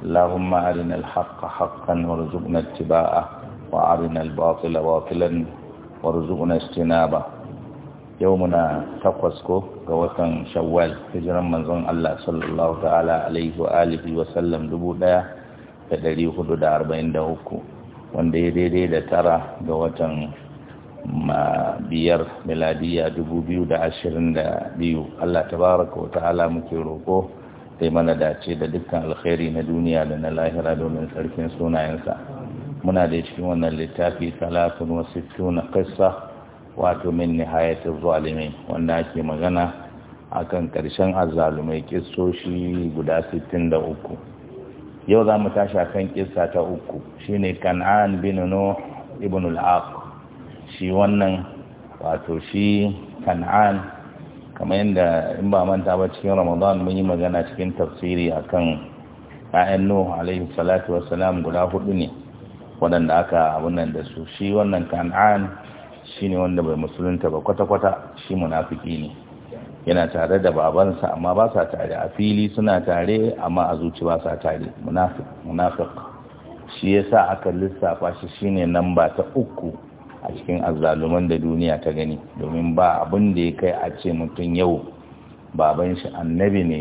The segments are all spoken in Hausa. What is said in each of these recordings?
اللهم أرنا الحق حقا وارزقنا اتباعه وأرنا الباطل باطلا وارزقنا اجتنابه يومنا تقوسكو قوتا شوال هجرا من ظن الله صلى الله تعالى عليه وآله وسلم دبودا da ɗari hudu da arba'in da uku wanda ya daidai da tara ga watan biyar miladiya dubu biyu da ashirin da biyu Allah tabaraka wa ta'ala muke roƙo sai mana dace da dukkan alkhairi na duniya da na lahira domin sarkin sunayensa muna da cikin wannan littafi talatun wasu tuna kasa wato min nihayatul zalimai wanda ake magana akan karshen azalumai kissoshi guda 63 yau za mu tashi akan kissa ta uku shine kan'an bin no ibn al shi wannan wato shi kan'an kamar yadda in ba manta ba cikin ramadan mun yi magana cikin tafsiri akan ayan nuhu alaihi salatu wassalam guda hudu ne waɗanda aka abunan da su shi wannan kan'an shi ne wanda bai musulunta ba kwata-kwata shi munafiki ne yana tare da babansa amma ba sa tare a fili suna tare amma a zuci ba sa tare munafik shi yasa aka lissafa shi shine namba ta uku a cikin azzaluman da duniya ta gani domin ba abin da ya kai a ce mutum yau baban shi annabi ne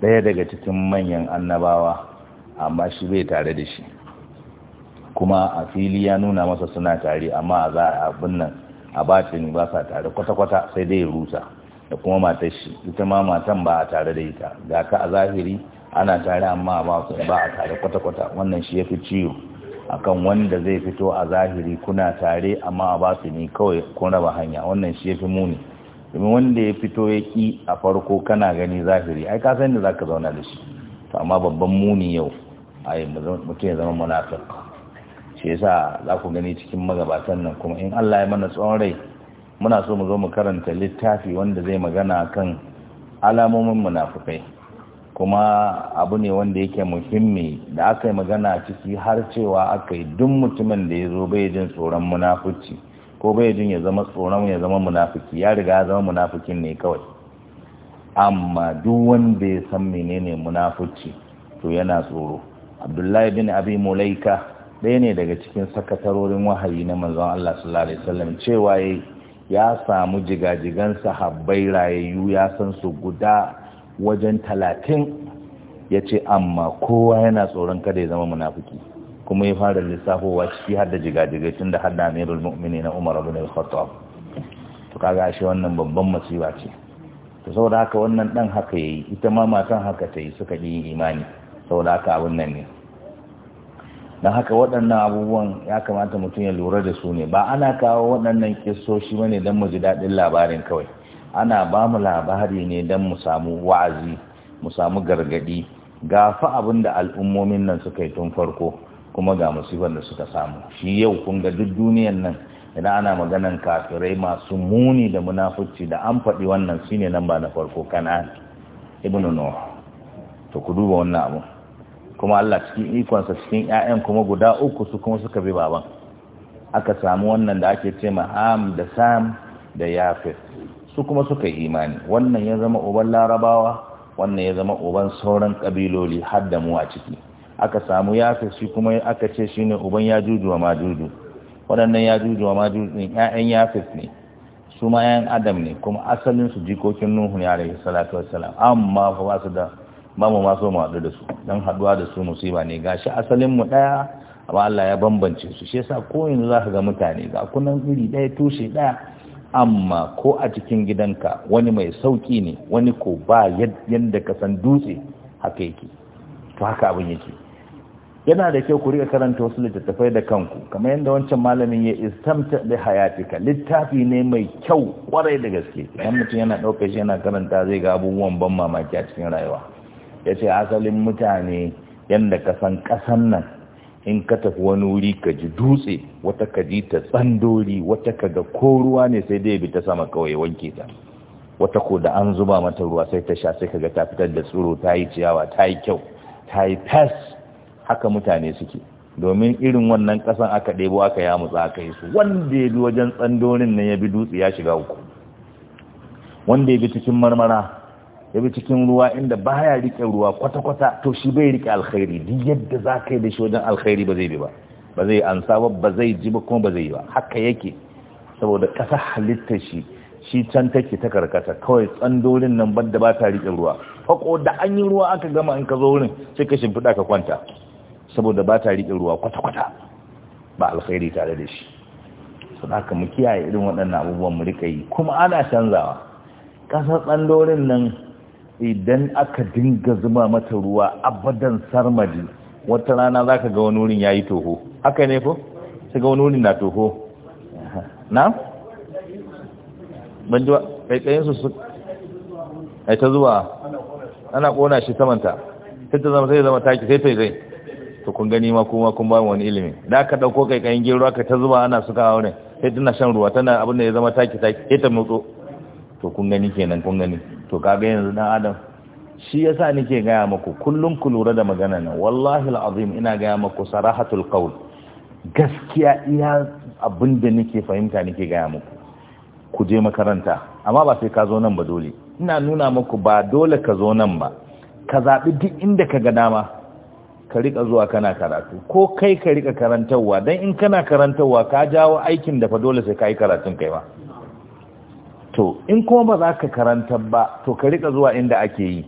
ɗaya daga cikin manyan annabawa amma shi bai tare da shi kuma a fili ya nuna masa suna tare amma a za a abin nan a batini ba sa tare kwata-kwata sai dai rusa da kuma matar shi ita ma matan ba a tare da ita ga ka a zahiri ana tare amma ba a tare kwata-kwata wannan shi ya fi ciwo akan wanda zai fito a zahiri kuna tare amma a ba su ne kawai kun raba hanya wannan shi ya fi muni domin wanda ya fito ya ki a farko kana gani zahiri ai ka san da zaka zauna da shi to amma babban muni yau ai mutum ya zama munafik shi yasa za ku gani cikin magabatan nan kuma in Allah ya mana tsawon rai muna so mu zo mu karanta littafi wanda zai magana kan alamomin munafikai kuma abu ne wanda yake muhimmi da aka yi magana ciki har cewa aka yi duk mutumin da ya zo bai jin tsoron munafuci ko bai jin ya zama tsoron ya zama munafuki ya riga ya zama munafukin ne kawai amma duk wanda ya san menene munafuci to yana tsoro abdullahi bin abi mulaika ɗaya ne daga cikin sakatarorin wahayi na manzon Allah sallallahu alaihi wasallam cewa ya samu jigajigan sahabbai rayayyu ya san su guda wajen talatin ya ce amma kowa yana tsoron kada ya zama munafuki kuma ya fara lissafowa ciki har da jigajigai tun da har da amirul mu'mini na umar abu al-khattab to kaga ashe wannan babban masiba ce to saboda haka wannan dan haka yayi ita ma matan haka ta yi suka yi imani saboda haka abun nan ne don haka waɗannan abubuwan ya kamata mutum ya lura da su ne ba ana kawo waɗannan kisoshi ba ne don mu ji daɗin labarin kawai ana ba mu labari ne don mu samu wa'azi mu samu gargadi ga fa abin da al'ummomin nan suka yi tun farko kuma ga musibar da suka samu shi yau kun ga duk duniyan nan idan ana maganan kafirai masu muni da munafurci da an faɗi wannan ne nan ba na farko kana ibnu nuh to ku duba wannan abu kuma Allah cikin ikonsa cikin ƴaƴan kuma guda uku su kuma suka bi baban aka samu wannan da ake ce ma am da sam da yafet su kuma suka yi imani wannan ya zama uban larabawa wannan ya zama uban sauran kabiloli har da mu a ciki aka samu yasa shi kuma aka ce shi ne uban ya yajuju wa juju waɗannan yajuju wa majuju ɗin 'ya'yan ne su ma ‘ya’yan adam ne kuma asalin su jikokin nuhu ne alaihi salatu salam amma fa ba su da ba mu ma mu haɗu da su dan haɗuwa da su musiba ne gashi asalin mu ɗaya amma Allah ya bambance su shi yasa ko yanzu zaka ga mutane ga kunan iri ɗaya tushe ɗaya amma ko a cikin gidanka wani mai sauƙi ne wani ko ba yadda ka san dutse haka yake to haka abin yake yana da kyau ku riga karanta wasu littattafai da kanku kamar yadda wancan malamin ya istamta da hayatika littafi ne mai kyau kwarai da gaske idan mutum yana ɗaukar shi yana karanta zai ga abubuwan ban mamaki a cikin rayuwa ya ce asalin mutane yadda ka san ƙasan nan in ka tafi wani wuri ka ji dutse wata ka ji ta tsandori wata ka ga ko ruwa ne sai dai bi ta sama kawai wanke ta wata ko da an zuba mata ruwa sai ta sha sai kaga ta fitar da tsoro ta yi ciyawa ta yi kyau ta yi fes haka mutane suke domin irin wannan kasan aka ɗebo aka ya mutsa aka yi su wanda ya bi wajen tsandorin nan ya bi dutse ya shiga uku wanda ya bi cikin marmara ya cikin ruwa inda baya rike ruwa kwata-kwata to shi bai rike alkhairi duk yadda za ka yi da shi wajen alkhairi ba zai bi ba ba zai ansa ba ba zai ji ba kuma ba zai yi ba haka yake saboda ƙasa halittar shi shi can take ta karkata kawai tsandolin nan banda ba ta rike ruwa fako da an yi ruwa aka gama in ka zo wurin sai ka shimfiɗa ka kwanta saboda ba ta rike ruwa kwata-kwata ba alkhairi tare da shi sun haka mu kiyaye irin waɗannan abubuwan mu rika yi kuma ana canzawa ƙasar tsandorin nan idan aka dinga zuma mata ruwa abadan sarmadi wata rana za ka ga wani wurin ya yi toho haka ne ko? sai ga wani wurin na toho na? banjuwa ƙaiƙayinsu su ai ta zuwa ana ƙona shi samanta sai ta zama sai zama taki sai faizai to kun gani ma kuma kun ba wani ilimi da aka ɗauko ƙaiƙayin gero aka ta zuwa ana suka hawa ne sai tana shan ruwa tana abin da ya zama taki taki sai ta motso to kun gani kenan kun gani to kaga yanzu dan adam shi yasa nake gaya muku kullum ku lura da magana nan wallahi alazim ina gaya muku sarahatul qaul gaskiya iya abin da nake fahimta nake gaya maku ku je makaranta amma ba sai ka zo nan ba dole ina nuna maku ba dole ka zo nan ba ka zaɓi duk inda ka ga dama ka rika zuwa kana karatu ko kai ka rika karantarwa dan in kana karantarwa ka jawo aikin da fa dole sai ka yi karatun kai ba to in kuma ba za ka karanta ba to ka rika zuwa inda ake yi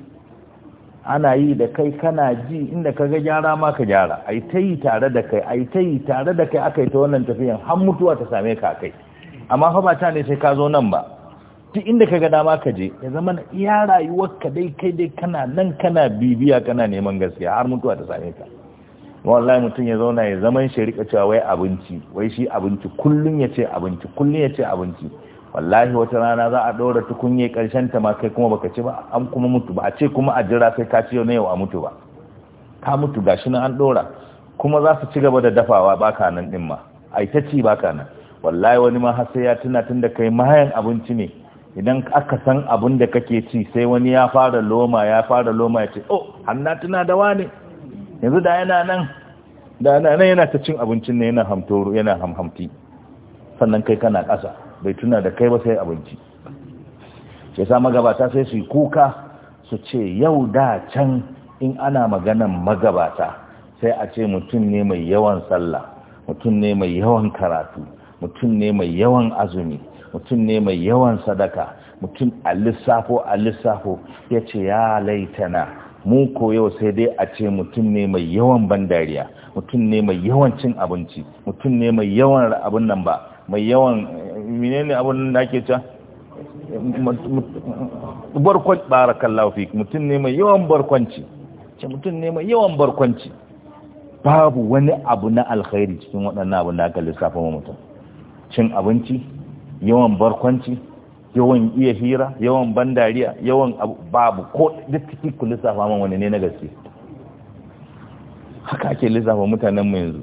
ana yi da kai kana ji inda ka ga gyara ma ka gyara A yi ta yi tare da kai A yi ta yi tare da kai aka yi ta wannan tafiyan har mutuwa ta same ka kai amma fa ba ta ne sai ka zo nan ba duk inda ka ga dama ka je ya zama iya rayuwar ka dai kai dai kana nan kana bibiya kana neman gaskiya har mutuwa ta same ka wallahi mutum ya zauna ya zaman shi rika cewa wai abinci wai shi abinci kullun ya ce abinci kullun ya ce abinci wallahi wata rana za a ɗora tukunye ƙarshen ta ma kai kuma baka ci ba an kuma mutu ba a ce kuma a jira sai ka ci yau na yau a mutu ba ka mutu shi nan an ɗora kuma za su ci gaba da dafawa baka nan ɗin ma ai ta ci baka nan wallahi wani ma har sai ya tuna tun da kai mahayan abinci ne idan aka san abin da kake ci sai wani ya fara loma ya fara loma ya ce oh hanna tuna da wane yanzu da yana nan da yana yana ta cin abincin ne yana hamtoro yana hamhamti sannan kai kana ƙasa bai tuna da kai ba sai abinci sai sa magabata sai su yi kuka su ce yau da can in ana maganan magabata sai a ce mutum ne mai yawan sallah mutum ne mai yawan karatu mutum ne mai yawan azumi mutum ne mai yawan sadaka mutum a lissafo a lissafo ya ce ya laitana mu ko yau sai dai a ce mutum ne mai yawan ban dariya mutum ne mai yawan cin abinci mutum ne mai yawan abin nan ba mai yawan menene abin da ake ta barkwanci barakallahu fik mutum ne mai yawan barkwanci ce mutum ne mai yawan barkwanci babu wani abu na alkhairi cikin waɗannan abin da aka lissafa wa mutum cin abinci yawan barkwanci yawan iya hira yawan bandariya yawan babu ko duk cikin ku lissafa man wani ne na gaske haka ake lissafa mutanenmu yanzu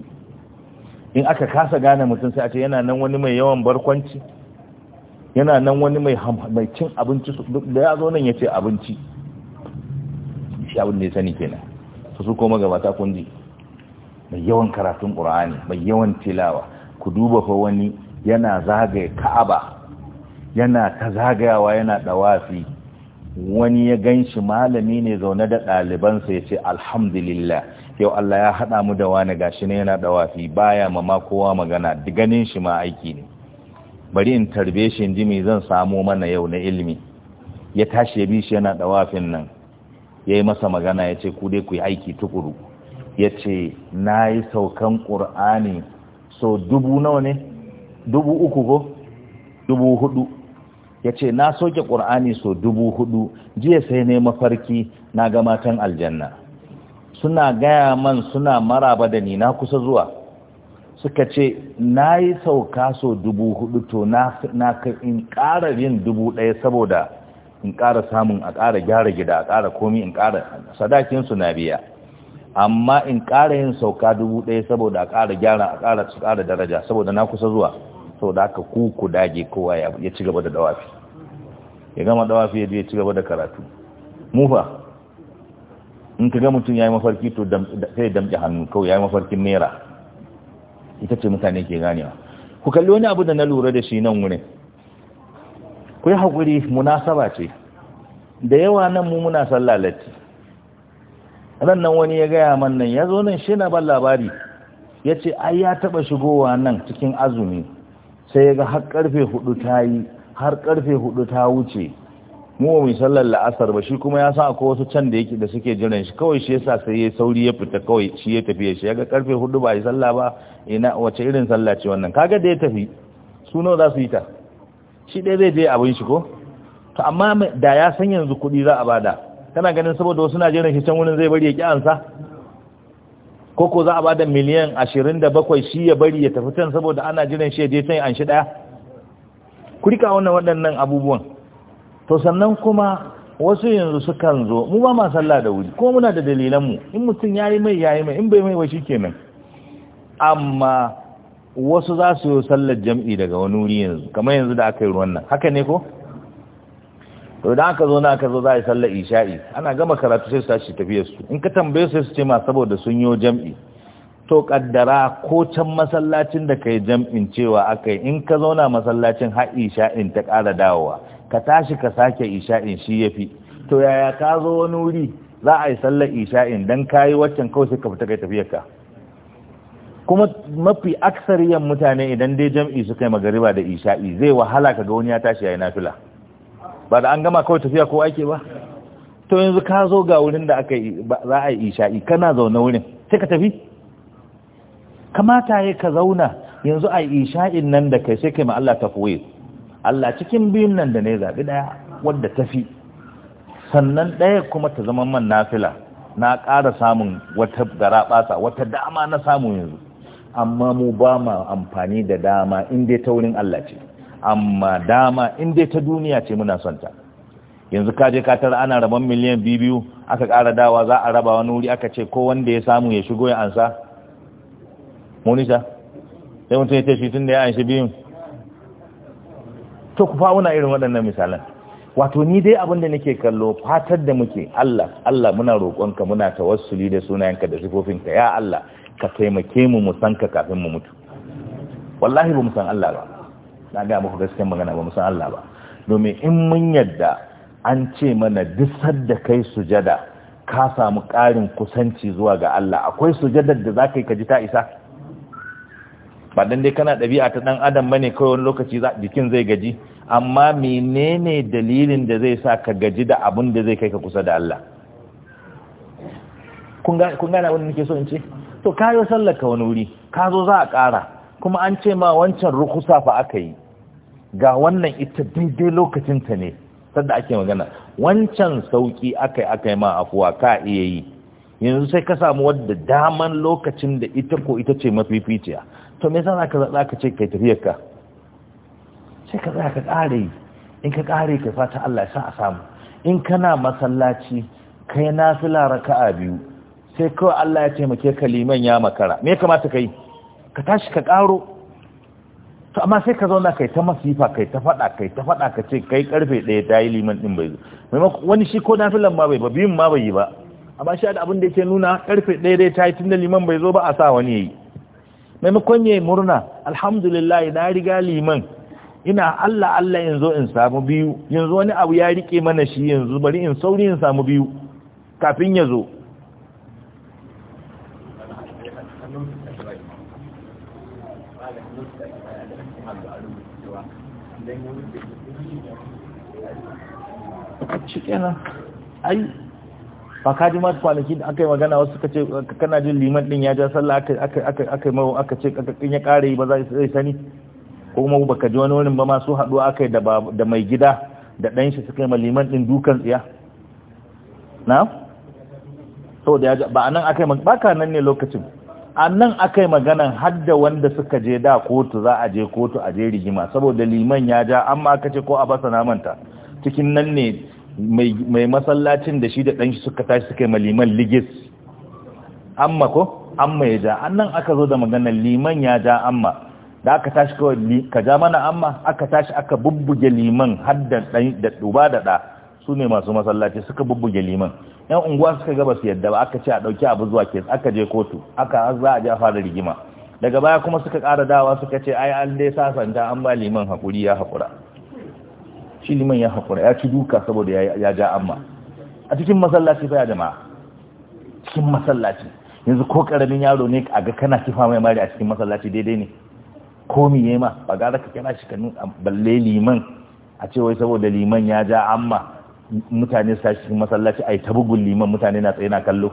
in aka kasa gane mutum sai a ce yana nan wani mai yawan barkwanci yana nan wani mai cin abinci da ya zo nan ya ce abinci shi abin da ya sani kenan su su koma gabata kundi mai yawan karatun ƙura'ani mai yawan tilawa ku duba fa wani yana zagaya ka'aba yana ta zagayawa yana ɗawafi wani ya gan shi malami ne zaune da ɗalibansa ya ce alhamdulillah yau Allah ya haɗa mu da wani gashi ne yana da wafi baya ma ma kowa magana ganin shi ma aiki ne bari in tarbe shi in ji mai zan samo mana yau na ilimi ya tashi ya bi shi yana da wafin nan ya yi masa magana ya ce ku dai ku yi aiki tukuru ya ce na yi saukan ƙur'ani so dubu nawa ne dubu uku ko dubu hudu ya ce na soke ƙur'ani so dubu hudu jiya sai ne mafarki na ga matan aljanna suna gaya man suna maraba da ni na kusa zuwa suka ce na yi sauka so dubu hudu to na in ƙara yin dubu ɗaya saboda in ƙara samun a ƙara gyara gida a ƙara komi in ƙara sadakinsu na biya amma in ƙara yin sauka dubu ɗaya saboda a ƙara gyara a ƙara su ƙara daraja saboda na kusa zuwa saboda da ku ku dage kowa ya ci gaba da dawafi ya gama dawafi ya je ci gaba da karatu mufa in ka ga mutum ya yi mafarki to sai damƙe hannu kawai ya yi mafarkin naira ita ce mutane ke ganewa ku kalli wani abu da na lura da shi nan wurin ku yi haƙuri munasaba ce da yawa nan mu muna sallah latti ran nan wani ya gaya man nan ya zo nan shi na ban labari ya ce ai ya taɓa shigowa nan cikin azumi sai ya ga har ƙarfe hudu ta yi har karfe hudu ta wuce mu mai sallar la'asar ba shi kuma ya san akwai wasu can da yake da suke jiran shi kawai shi yasa sai ya sauri ya fita kawai shi ya tafi shi yaga karfe hudu ba yi sallah ba ina wace irin sallah ce wannan kaga da ya tafi su nawa za su yi ta shi dai zai je abin shi ko to amma da ya san yanzu kuɗi za a bada kana ganin saboda wasu na jiran shi can wurin zai bari ya ki ansa ko ko za a bada miliyan ashirin da bakwai shi ya bari ya tafi can saboda ana jiran shi ya je can an shi ɗaya ku rika wannan waɗannan abubuwan to sannan kuma wasu yanzu sukan zo mu ba ma sallah da wuri ko muna da dalilan mu in mutum ya yi mai ya yi mai in bai mai ba kenan amma wasu za su yi sallar jam'i daga wani wuri yanzu kamar yanzu da aka yi ruwan nan haka ne ko? to idan aka zo na aka zo za a yi sallar isha'i ana gama karatu sai su tashi su in ka tambaye su sai su ce ma saboda sun yi jam'i to ƙaddara ko can masallacin da kai jam'in cewa akai in ka zauna masallacin har isha'in ta ƙara dawowa ka tashi ka sake isha'in shi yafi to yaya ka zo wani wuri za a yi sallar isha'in dan kayi waccan kawai sai ka fita kai tafiyar ka kuma mafi aksariyan mutane idan dai jam'i suka yi magariba da isha'i zai wahala ka ga wani ya tashi yayi nafila ba da an gama kawai tafiya ko ake ba to yanzu ka zo ga wurin da aka za a yi isha'i kana zaune wurin sai ka tafi kamata ya ka zauna yanzu a isha'in nan da kai sai kai ma Allah ta fuwe Allah cikin biyun nan da ne zaɓi ɗaya wadda ta fi sannan ɗaya kuma ta zama man nafila na ƙara samun wata garaɓasa wata dama na samu yanzu amma mu ba ma amfani da dama in dai ta wurin Allah ce amma dama in dai ta duniya ce muna son ta yanzu ka je ka ana rabon miliyan biyu aka ƙara dawa za a raba wani wuri aka ce ko wanda ya samu ya shigo ya ansa monisa sai mutum ya ce shi tun da ya an shi biyun to ku fa'una irin waɗannan misalan wato ni dai abin da nake kallo fatar da muke Allah Allah muna roƙonka muna tawassuli da sunayenka da sifofinka ya Allah ka taimake mu mu san ka kafin mu mutu wallahi ba mu san Allah ba na ga muku gaskiyar magana ba mu san Allah ba domin in mun yadda an ce mana duk da kai sujada ka samu ƙarin kusanci zuwa ga Allah akwai sujadar da za yi ka ji ta isa ba dan dai kana ɗabi'a ta ɗan adam bane kawai wani lokaci jikin zai gaji amma menene dalilin da zai sa ka gaji da abin da zai kai ka kusa da Allah kun gane abin da nake so in ce to yi sallar ka wani wuri ka zo za a ƙara kuma an ce ma wancan rukusa fa aka yi ga wannan ita daidai ta ne sadda ake magana wancan sauki aka yi aka yi ma afuwa ka iya yi yanzu sai ka samu wadda daman lokacin da ita ko ita ce mafificiya to me ka zaka zaka ce kai tafiyar ka sai ka zaka kare in ka kare ka fata Allah ya sa a samu in kana masallaci kai nafila raka'a biyu sai kawai Allah ya taimake ka liman ya makara me kamata kai ka tashi ka karo to amma sai ka zauna kai ta masifa kai ta fada kai ta fada ka ce kai karfe ɗaya ta yi liman ɗin bai zo wani shi ko nafilan ma bai ba biyun ma bai yi ba amma shi da abin da yake nuna karfe ɗaya dai ta yi tun da liman bai zo ba a sa wani yi. maimakon yi murna alhamdulillah na riga liman ina Allah Allah in zo in samu biyu yanzu wani abu ya rike mana shi yanzu bari in sauri in samu biyu kafin ya zo ai ba ka ji masu kwanaki da aka yi magana wasu suka ce kana jin liman din ya ja sallah aka yi mawa aka ce in ya kare ba za a sani ko kuma baka ji wani wurin ba masu haɗuwa aka yi da mai gida da ɗan shi suka yi ma liman din dukan tsiya na? so da ya ba nan aka yi ba ka nan ne lokacin a nan aka yi har hadda wanda suka je da kotu za a je kotu a je rigima saboda liman ya ja amma aka ce ko a basa namanta cikin nan ne mai masallacin da shi da ɗanshi suka tashi suka yi liman ligis amma ko amma ya ja annan aka zo da magana liman ya ja amma da aka tashi kawai ka ja mana amma aka tashi aka bubbuge liman har da ɗuba da ɗa su ne masu masallaci suka bubbuge liman yan unguwa suka gaba su yadda ba aka ce a ɗauki abu zuwa kes aka je kotu aka za a ja fara rigima daga baya kuma suka ƙara dawa suka ce ai an dai sasanta an ba liman hakuri ya haƙura shi liman ya haƙura ya ci duka saboda ya ja amma a cikin masallaci fa ya jama'a cikin masallaci yanzu ko karamin yaro ne a ga kana kifa mai mari a cikin masallaci daidai ne ko mi yi ma ba gara ka kira shi kanin balle liman a ce wai saboda liman ya ja amma mutane su tashi cikin masallaci ai ta bugun liman mutane na tsaye na kallo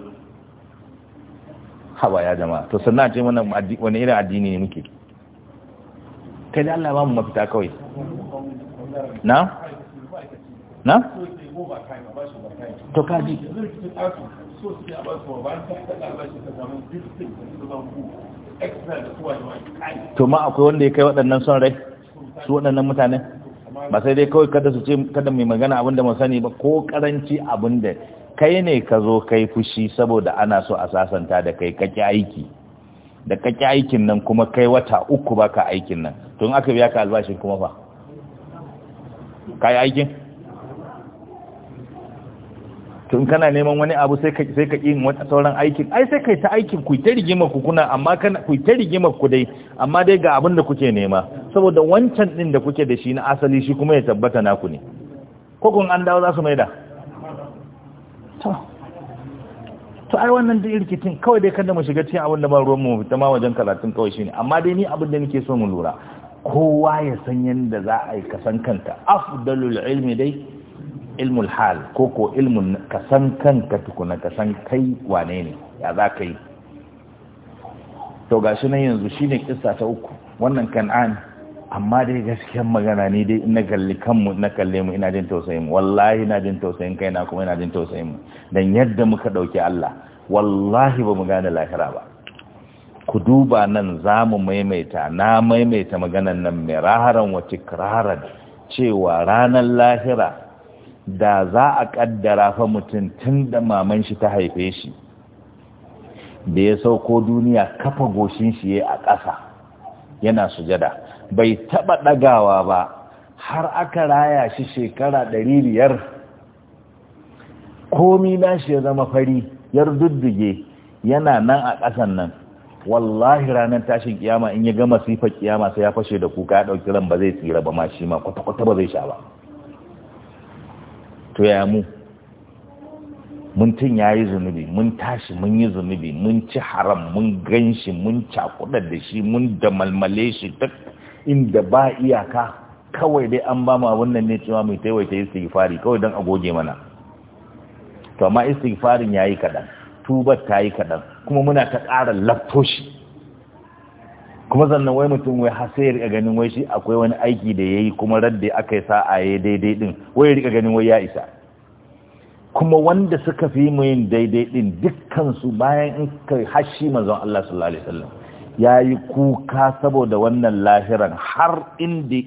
haba ya jama'a to sannan ce mana wani irin addini ne muke kai da Allah ba mu mafita kawai na na? to kaji to ma akwai wanda ya kai waɗannan son rai su waɗannan mutane ba sai dai kawai kada su ce kada mai magana abin da sani ba ko karanci abin da kai ne ka zo kai fushi saboda ana so a sasanta da kai kaki aiki da kaki aikin nan kuma kai wata uku baka aikin nan tun aka biya ka albashin kuma fa yi aikin tun kana neman wani abu sai ka sai ka yi sauran aikin ai sai kai ta aikin ku ta rigima ku kuna amma kana ku ta rigima ku dai amma dai ga abin da kuke nema saboda wancan din da kuke da shi na asali shi kuma ya tabbata naku ne ko kun an dawo za su maida to to ai wannan da irkitin kawai dai kada mu shiga cikin abin da ba ruwan mu fita ma wajen karatun kawai shine amma dai ni abin da nake so mu lura kowa ya san yanda za a yi kasan kanta afdalul ilmi dai ilmul hal ko ko ilmun kasan kan kanka tukuna kasan kai wane ne ya za ka yi to ga shi nan yanzu shi ne kisa ta uku wannan kan'an amma dai gaskiyar magana ne dai na kalli kanmu na kalle mu ina jin tausayin mu wallahi ina jin tausayin kaina kuma ina jin tausayin mu dan yadda muka ɗauki Allah wallahi ba mu gane lahira ba ku duba nan za mu maimaita na maimaita maganan nan mai raharan wa tikraran cewa ranar lahira da za a ƙaddara fa mutum tun da maman shi ta haife shi da ya sauko duniya kafa goshin shi ya a ƙasa yana sujada bai taɓa ɗagawa ba har aka raya shi shekara ɗari biyar komi nashi ya zama fari yar dudduge yana nan a ƙasan nan wallahi ranar tashin kiyama in ya gama sifar kiyama sai ya fashe da kuka ya ɗauki ran ba zai tsira ba ma shi ma kwata-kwata ba zai sha ba to ya mu mutum ya yi zunubi mun tashi mun yi zunubi mun ci haram mun gan shi mun cakuda da shi mun da malmale shi duk inda ba iyaka kawai dai an ba mu abin nan ne cewa mai taiwaita istighfari kawai don a goge mana to amma istighfarin ya yi kaɗan tubar ta yi kaɗan kuma muna ta ƙara laftoshi kuma sannan wai mutum wai har ya rika ganin wai shi akwai wani aiki da yayi kuma radda aka yi sa'a ya daidai din wai ya rika ganin wai ya isa kuma wanda suka fi mu yin daidai din dukkansu bayan in kai hashi manzon Allah sallallahu alaihi wasallam yayi kuka saboda wannan lahiran har inda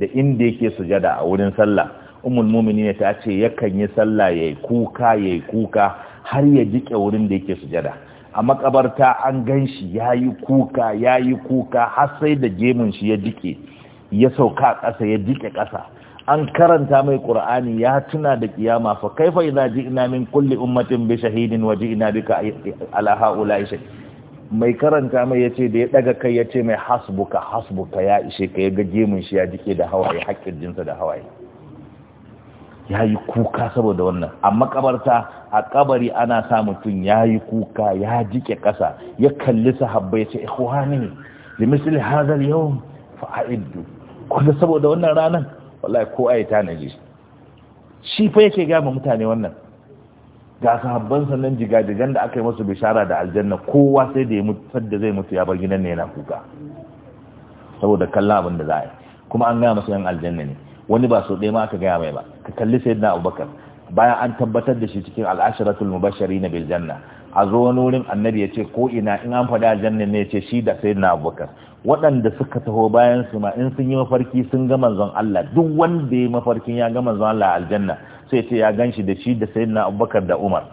da inda yake sujada a wurin sallah ummul mu'minin ta ce yakan yi sallah yayi kuka yayi kuka har ya jike wurin da yake sujada a makabarta an gan shi ya yi kuka ya yi kuka har sai da gemun shi ya dike ya sauka ƙasa ya dike ƙasa an karanta mai ƙur'ani ya tuna da ƙiyama fa kaifa ji ji'na min kulli ummatin bi shahidin wa ji'na bika ala haula mai karanta mai yace da ya daga kai yace mai hasbuka hasbuka ya ishe ka ya ga gemun shi ya dike da hawaye haƙƙin jinsa da hawaye ya yi kuka saboda wannan a makabarta a kabari ana sa mutum ya yi kuka ya jike ƙasa ya kalli sahabbai ce ikuwa ne da misali hazar yau fa'a'iddu kuma saboda wannan ranan wallahi ko ai tanaji shi fa yake gama mutane wannan ga sahabban sannan jigajigan da aka yi masu bishara da aljanna kowa sai da ya mutu sadda zai mutu ya bar gidan ne yana kuka saboda kallon abin da za a yi kuma an gaya masu yan aljanna ne wani ba so ɗaya ma aka gaya mai ba ka kalli na abubakar bayan an tabbatar da shi cikin al'asharatul na bil janna a zo wani wurin annabi ya ce ko ina in an faɗi aljanna ne ya ce shi da na abubakar waɗanda suka taho bayan su ma in sun yi mafarki sun ga manzon Allah duk wanda ya mafarkin ya ga manzon Allah aljanna sai ce ya ganshi da shi da na abubakar da umar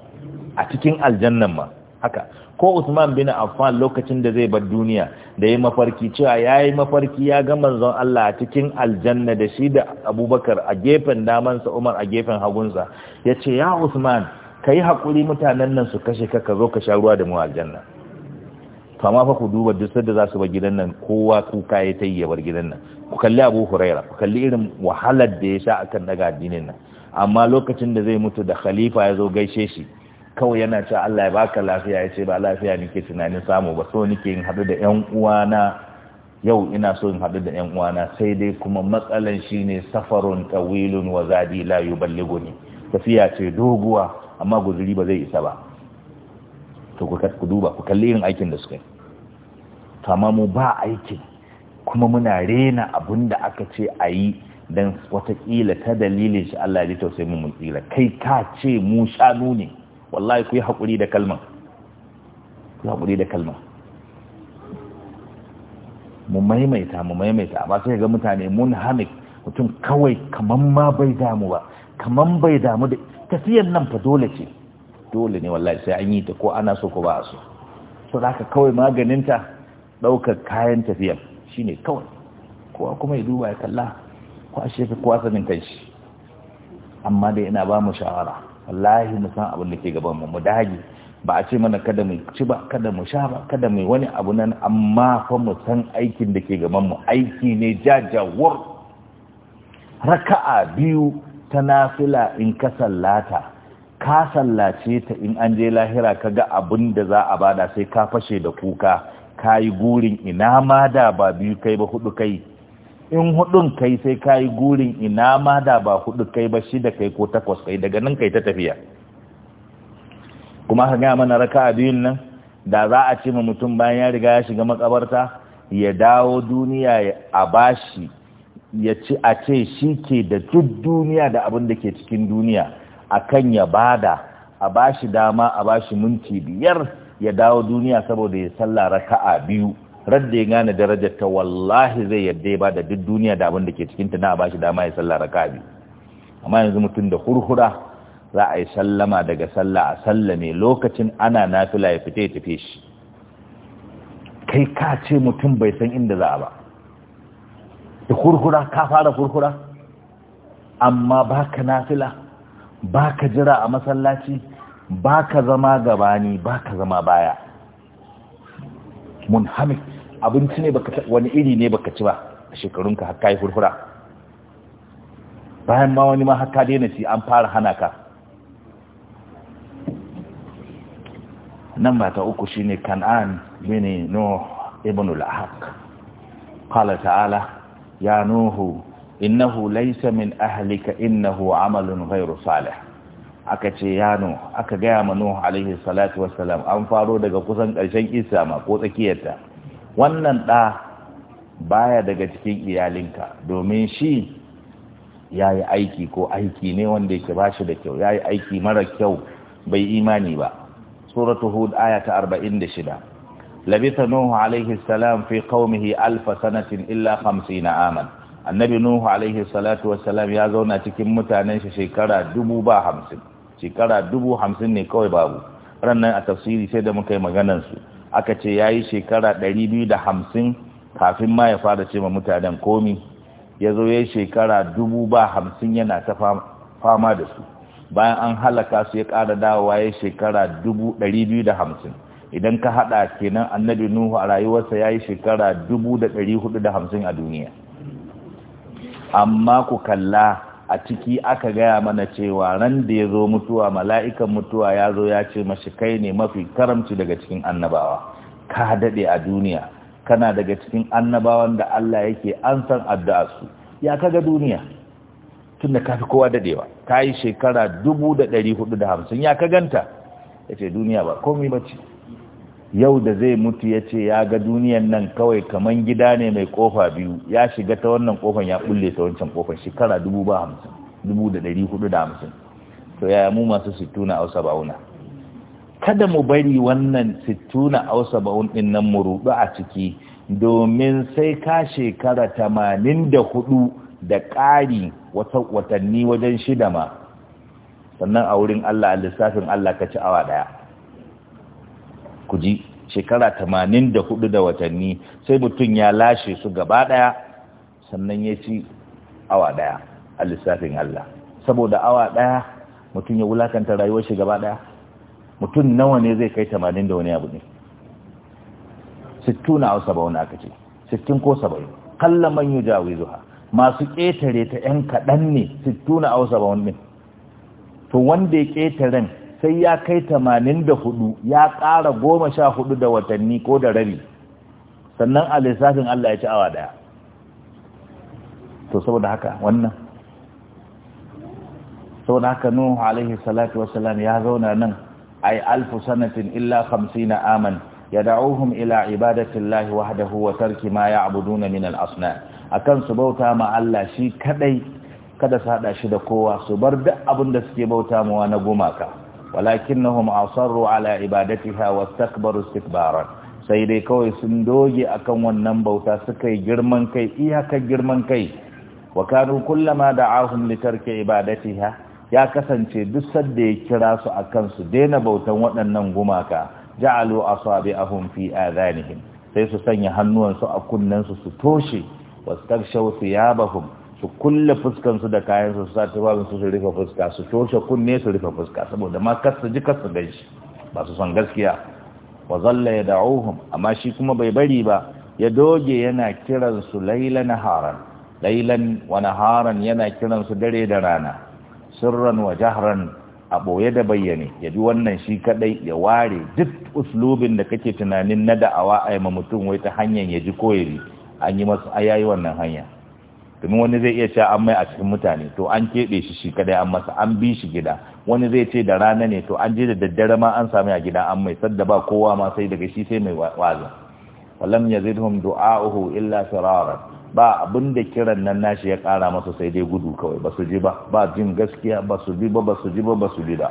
a cikin aljannan ma haka ko Usman bin Affan lokacin da zai bar duniya da ya mafarki cewa yayi mafarki ya ga manzon Allah a cikin aljanna da shi da Abubakar a gefen daman sa Umar a gefen sa, yace ya Usman kai hakuri mutanen nan su kashe ka ka zo ka sha ruwa da mu aljanna fama fa ku duba duk da za su bar gidan nan kowa kuka ya ta yi bar gidan nan ku kalli Abu Huraira ku kalli irin wahalar da ya sha akan daga addinin nan amma lokacin da zai mutu da khalifa ya zo gaishe shi kawai yana cewa Allah ya baka lafiya ya ce ba lafiya ke tunanin samu ba so nike in haɗu da ƴan uwana yau ina so in haɗu da ƴan uwana sai dai kuma matsalan ne safarun tawilun wa zadi la yuballighuni tafiya ce doguwa amma guzuri ba zai isa ba to ku duba ku kalli irin aikin da suka yi to amma mu ba aiki kuma muna rena abun da aka ce a yi don watakila ta dalilin shi Allah ya ji tausayi mu mun tsira kai ka ce mu shanu ne wallahi ku yi haƙuri da kalma ku haƙuri da kalma mu maimaita mu maimaita amma sai ga mutane mun hamik mutum kawai kaman ma bai damu ba kaman bai damu da tafiyan nan fa dole ce dole ne wallahi sai an yi ta ko ana so ko ba a so so da kawai maganinta ɗaukar kayan tafiyan shine kawai kowa kuma ya duba ya kalla ko a shefi kowa sanin kanshi amma dai ina ba mu shawara wallahi mu san abin da ke gaban mu mu dage ba a ce mana kada mu ci ba kada mu sha ba kada mu wani abu nan amma fa mu san aikin da ke gaban mu aiki ne jajawar raka'a biyu ta nafila in ka sallata ka sallace ta in an je lahira ka ga abin da za a bada sai ka fashe da kuka ka yi gurin ina ma da ba biyu kai ba hudu kai in hudun kai sai ka yi gurin ina ma da ba hudu kai ba shi da kai ko takwas kai daga nan kai ta tafiya kuma ka gaya mana raka biyun nan da za a ce ma mutum bayan ya riga ya shiga makabarta ya dawo duniya a bashi ya ci a ce shi ke da duk duniya da abin da ke cikin duniya a kan ya bada a bashi dama a bashi minti biyar ya dawo duniya saboda ya sallah raka'a biyu radda ya gane darajar ta wallahi zai yarda ya bada duk duniya da abin da ke cikin ta na bashi dama ya sallah raka amma yanzu mutum da hurhura za a yi sallama daga sallah a sallame lokacin ana nafila ya fita ya tafi shi kai ka ce mutum bai san inda za a ba da hurhura ka fara hurhura amma baka nafila baka jira a masallaci baka zama gabani baka zama baya munhamid abinci ne baka wani iri ne baka ci ba a shekarunka har kai furfura bayan ma wani ma har daina ci an fara hana ka nan ba ta uku shine kan'an bin nuh ibn al-haq ta'ala ya nuhu innahu laysa min ahlika innahu amalun ghayru salih aka ce ya aka gaya ma nuh alaihi salatu an faro daga kusan ƙarshen isa ma ko tsakiyarta wannan ɗa baya daga cikin iyalinka domin shi ya yi aiki ko aiki ne wanda yake ba shi da kyau ya yi aiki mara kyau bai imani ba suratu hud aya ta arba'in da shida labisa nuhu alaihi salam fi qaumihi alfa sanatin illa na aman annabi nuhu alaihi salatu wassalam ya zauna cikin mutanen shi shekara dubu ba hamsin shekara dubu hamsin ne kawai babu nan a tafsiri sai da muka yi maganansu aka ce ya yi shekara 250 kafin ma ya fara ce ma mutanen komi ya zo ya yi shekara dubu ba hamsin yana ta fama da su bayan an halaka su ya ƙara dawowa ya yi shekara dubu ɗari biyu da hamsin idan ka haɗa kenan annabi nuhu a rayuwarsa ya yi shekara dubu da ɗari hudu da hamsin a duniya amma ku kalla a ciki aka gaya mana cewa ran da ya zo mutuwa mala'ikan mutuwa ya zo ya ce mashi kai ne mafi karamci daga cikin annabawa ka daɗe a duniya kana daga cikin annabawan da Allah yake an san addu'arsu ya kaga duniya tun da kafi kowa daɗewa ta yi shekara dubu da ɗari da hamsin ya ka ganta ya ce duniya ba komi ba ce yau da zai mutu ya ce ya ga duniyan nan kawai kamar gida ne mai kofa biyu ya shiga ta wannan kofan ya kulle ta wancan kofan shekara dubu ba hamsin dubu da dari hudu da hamsin to yaya mu masu sittuna ausa ba'una kada mu bari wannan situna ausa ba'un din nan mu ruɗu a ciki domin sai ka shekara tamanin da hudu da ƙari watanni wajen shida ma sannan a wurin Allah a lissafin Allah ka ci awa ɗaya ku ji shekara tamanin da hudu da watanni sai mutum ya lashe su gaba daya sannan ya ci awa ɗaya a lissafin Allah saboda awa ɗaya mutum ya wulakanta rayuwar shi gaba daya mutum nawa ne zai kai tamanin da wani abu ne sittuna au wani aka ce sittin ko saba'in kalla man yi jawizuha masu ƙetare ta ‘yan kaɗan ne sittuna au saba'un ne to wanda ya ƙetaren sai ya kai tamanin da hudu ya ƙara goma sha hudu da watanni ko da rabi sannan a lissafin Allah ya ci awa daya to saboda haka wannan saboda haka nuhu alaihi salatu wasalam ya zauna nan ai alfu sanatin illa na aman ya yad'uhum ila ibadatillahi wahadahu wa tarki ma ya'buduna min al a kan su bauta ma Allah shi kadai kada su hada shi da kowa su bar duk abin da suke bauta mawa na gumaka walakinnahum asarru ala ibadatiha wastakbaru istikbara sai dai kawai sun doge akan wannan bauta suka yi girman kai iyakar girman kai wa kanu kullama da'ahum tarki ibadatiha ya kasance duk sanda ya kira su akan su daina bautan waɗannan gumaka ja'alu asabi'ahum fi adhanihim sai su sanya hannuwansu a kunnensu su toshe wastakshaw thiyabahum su kulle fuskansu da kayan su sa tufafin su rufe fuska su toshe kunne su rufe fuska saboda ma kasta ji kasta gan shi ba su son gaskiya wa zalla ya da'uhum amma shi kuma bai bari ba ya doge yana kiran su laila haran lailan wa haran yana kiran su dare da rana sirran wa jahran a ɓoye da bayyane ya ji wannan shi kaɗai ya ware duk uslubin da kake tunanin na da'awa a mutum wai ta hanyar ya ji ko an yi masa ayayi wannan hanyar. domin wani zai iya cewa an mai a cikin mutane to an keɓe shi shi kadai an masa an bi shi gida wani zai ce da rana ne to an je da daddare ma an sami a gida an mai sadda ba kowa ma sai daga shi sai mai wazin walam yazidhum du'a'uhu illa firaran ba abin da kiran nan nashi ya kara masa sai dai gudu kawai ba su ji ba ba jin gaskiya ba su ji ba ba su ji ba ba su ji da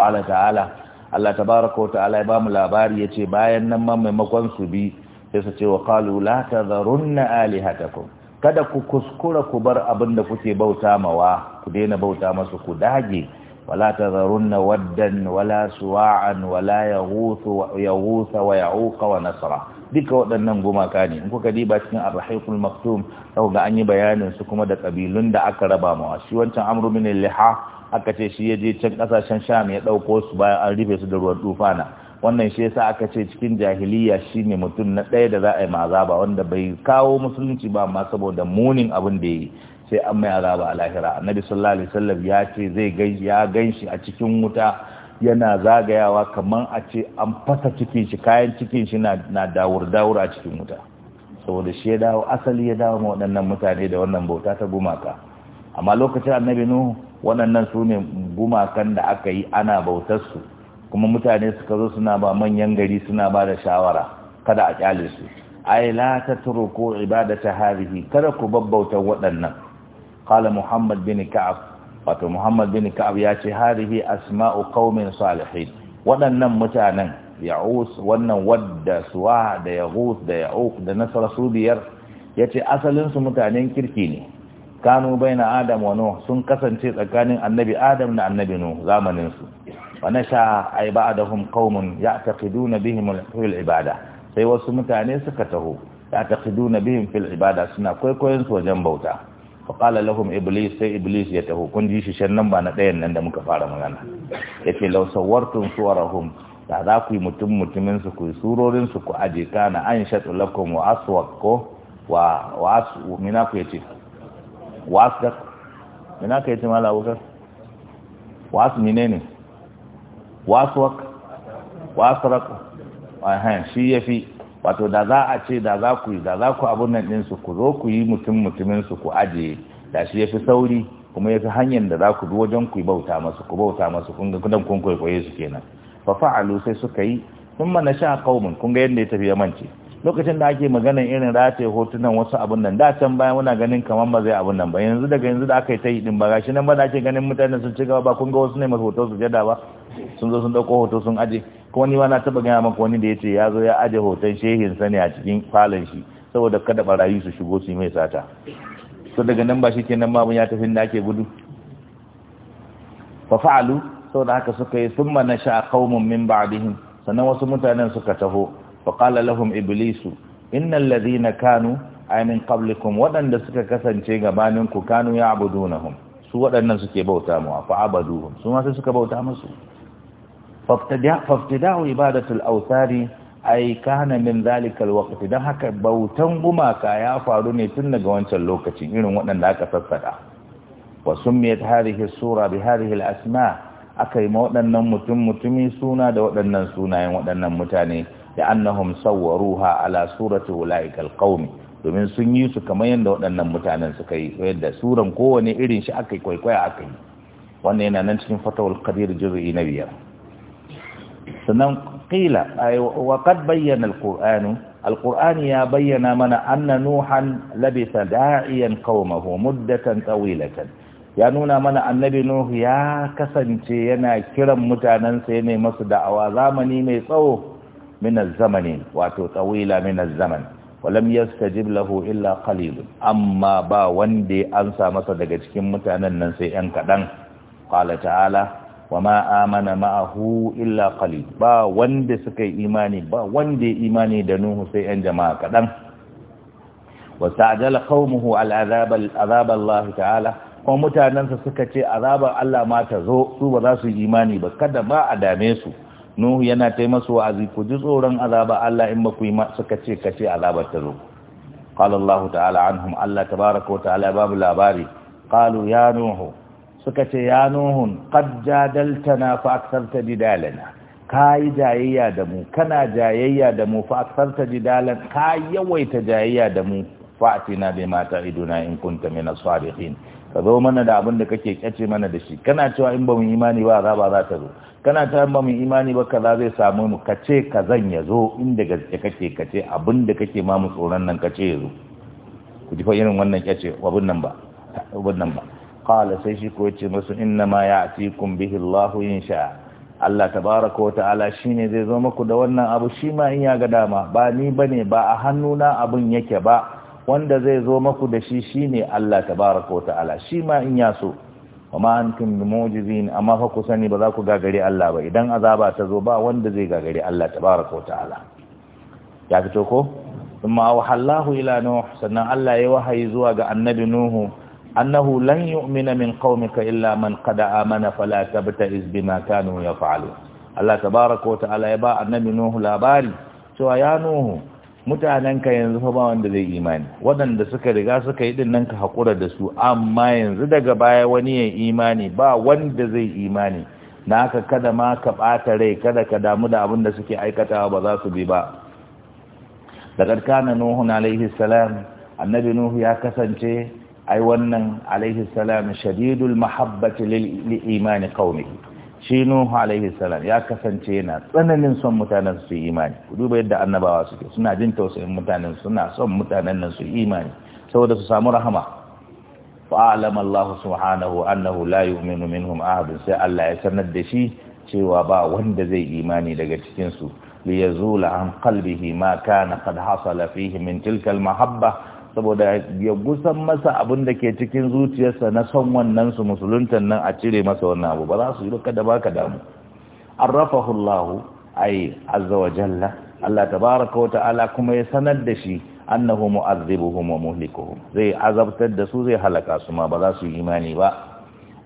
Allah ta'ala Allah tabaraka wa ta'ala ya ba mu labari yace bayan nan ma maimakon su bi sai su ce wa qalu la tadharunna alihatakum kada ku kuskura ku bar abin da kuke bauta mawa ku daina bauta masu ku dage wala tazarunna waddan wala suwa'an wala yaghutha wa ya'uqa wa nasra duka waɗannan gumaka ne in kuka diba cikin ar maktum sau ga an yi bayanin su kuma da kabilun da aka raba mawa shi wancan amru min liha aka ce shi ya je can kasashen sham ya dauko su bayan an rufe su da ruwan tufana wannan shi yasa aka ce cikin jahiliya shine mutum na ɗaya da za a yi azaba wanda bai kawo musulunci ba amma saboda munin abin da yi sai an mai azaba a lahira annabi sallallahu alaihi wasallam ya ce zai ya gan shi a cikin wuta yana zagayawa kamar a ce an fasa cikin shi kayan cikin shi na dawur dawur a cikin wuta saboda shi ya dawo asali ya dawo ma waɗannan mutane da wannan bauta ta gumaka amma lokacin annabi nuhu waɗannan su ne gumakan da aka yi ana bautar su kuma mutane suka zo suna ba manyan gari suna ba da shawara kada a kyale su ai la ibada ibadata hadhihi kada ku babbauta waɗannan qala muhammad bin ka'ab wato muhammad bin ka'ab ya ce hadhihi asma'u qaumin salihin waɗannan mutanen ya'us wannan wadda suwa da Ya'us da ya'uq da nasara su biyar yace asalin su mutanen kirki ne kanu baina adam wa nuh sun kasance tsakanin annabi adam da annabi nuh zamanin su wa nasha ay ba'dahum qaumun ya'taqiduna bihim fil ibada sai wasu mutane suka taho ya'taqiduna bihim fil ibada suna kwaikwayon su wajen bauta fa qala lahum iblis sai iblis ya taho kun ji shi shan nan ba na dayan nan da muka fara magana yace law sawartum suwarahum da za ku yi mutum mutumin su ku yi surorin su ku aje kana an shatu lakum wa aswaqo wa wa mina yace wasdaq mina yace mala abubakar wasu mine ne wasuwak wasrak ahan shi fi wato da za a ce da za ku yi da za ku abun nan din ku zo ku yi mutum mutumin su ku aje da shi ya fi sauri kuma yafi hanyar da za ku bi wajen ku bauta masu ku bauta masu kun ga kudan kun kwaikwaye su kenan fa fa'alu sai suka yi sun mana qaumun kun ga yadda ya tafi yamanci lokacin da ake magana irin rataye hotunan wasu abun nan da can bayan muna ganin kamar ba zai abun nan ba yanzu daga yanzu da aka yi ta yi din ba gashi nan ba da ake ganin mutane sun ci gaba ba kun ga wasu ne masu hoto su jada ba sun zo sun dauko hoto sun aje kuma ni ma na taba gaya maka wani da ya ce ya zo ya aje hoton shehin sani a cikin falon shi saboda kada barayi su shigo su yi mai sata so daga nan ba shi kenan babun ya tafi da ake gudu fa fa'alu saboda haka suka yi sun mana nasha qaumun min ba'dihim sannan wasu mutanen suka taho faƙala lahum iblisu innan lazina kanu min qablikum waɗanda suka kasance gabaninku kanu ya abudunahum su waɗannan suke bauta mu fa abaduhum su ma sai suka bauta musu faftida'u ibadatul awthari ai kana min zalikal waqti dan haka bautan gumaka ya faru ne tun daga wancan lokacin irin waɗanda aka sassaka wa summiyat hadhihi sura bi hadhihi al asma akai ma waɗannan mutum mutumi suna da waɗannan sunayen waɗannan mutane da annahum sawwaruha ala surati ulaikal qaumi domin sun yi su kamar yadda waɗannan mutanen suka yi yadda suran kowane irin shi aka kwaikwaya aka yi wannan yana nan cikin qadir juz'i na biyar sannan qila wa qad bayyana alqur'anu alqur'ani ya bayyana mana anna nuhan labisa da'iyan qaumahu muddatan tawilatan ya nuna mana annabi nuhu ya kasance yana kiran mutanansa ne masu da'awa zamani mai tsawo min az-zamani wato tawila min az-zaman walam yastajib lahu illa qalil amma ba wanda an sa masa daga cikin mutanen nan sai yan kadan kala ta'ala wama amana ma'ahu illa qalil ba wanda suka yi imani wanda ya imani da nuhu sai yan jama'a kadan wastajala qaumuhu al'azab al'azab Allah ta'ala kuma mutanansa suka ce azabar Allah ma ta zo su ba za su yi imani ba kada ba a dame su nuhu yana ta masu wa'azi ku ji tsoron azaba Allah in ba ku yi suka ce ka ce azabar ta zo qala Allah ta'ala anhum Allah tabaaraka wa ta'ala babu labari qalu ya nuhu suka ce ya nuhu qad jadaltana fa aktharta jidalana yi jayayya da mu kana jayayya da mu fa aktharta jidalan ka yawaita jayayya da mu fa atina bima ta'iduna in kunta min as-sadiqin ka zo mana da abin da kake kyace mana da shi kana cewa in ba mu imani ba azaba za ta zo kana in ba mu imani ba kaza zai samu mu kace ka zan ya zo inda gaske kake kace abin da kake ma mu tsoron nan kace ya zo ku ji fa irin wannan kyace abin nan ba abin nan ba qala sai shi ko yace musu inna ma ya'tikum bihi Allahu sha Allah wa ta'ala shine zai zo muku da wannan abu shi ma in ya ga dama ba ni bane ba a hannuna abin yake ba wanda zai zo maku da shi shine Allah tabaraka ta'ala shi ma in ya so an antum mujizin. amma fa ku sani ba za ku gagare Allah ba idan azaba ta zo ba wanda zai gagare Allah tabaraka ta'ala ya fito ko amma wahallahu ila nuh sannan Allah ya wahayi zuwa ga annabi nuhu annahu lan yu'mina min qaumika illa man qad amana fala tabta'iz bima kanu yaf'alu Allah tabaraka ta'ala ya ba annabi nuhu labari cewa ya nuhu mutanenka yanzu fa ba wanda zai imani waɗanda suka riga suka yi dinnan ka hakura da su amma yanzu daga baya wani ya imani ba wanda zai imani na haka kada ma ka ɓata rai kada ka damu da abin da suke aikatawa ba za su bi ba daga nuhu nuhun alaihi salam annabi nuhu ya kasance ai wannan alaihi salam shadidul mahabbati lil imani qaumihi shi Nuhu alaihi salam ya kasance yana tsananin son mutanen su imani ku duba yadda annabawa suke suna jin tausayin mutanen suna son mutanen nan su imani saboda su samu rahama fa'alama Allah subhanahu annahu la yu'minu minhum ahad sai Allah ya sanar da shi cewa ba wanda zai imani daga cikin su li yazula an qalbihi ma kana qad hasala fihi min tilka al mahabba saboda ya gusan masa abin da ke cikin zuciyarsa na son wannan su musuluntan nan a cire masa wannan abu ba za su yi baka da baka damu arrafahu Allah ay azza wa jalla Allah tabaaraka wa ta'ala kuma ya sanar da shi annahu mu'azzibuhum wa muhlikuhum zai azabtar da su zai halaka su ma ba za su yi imani ba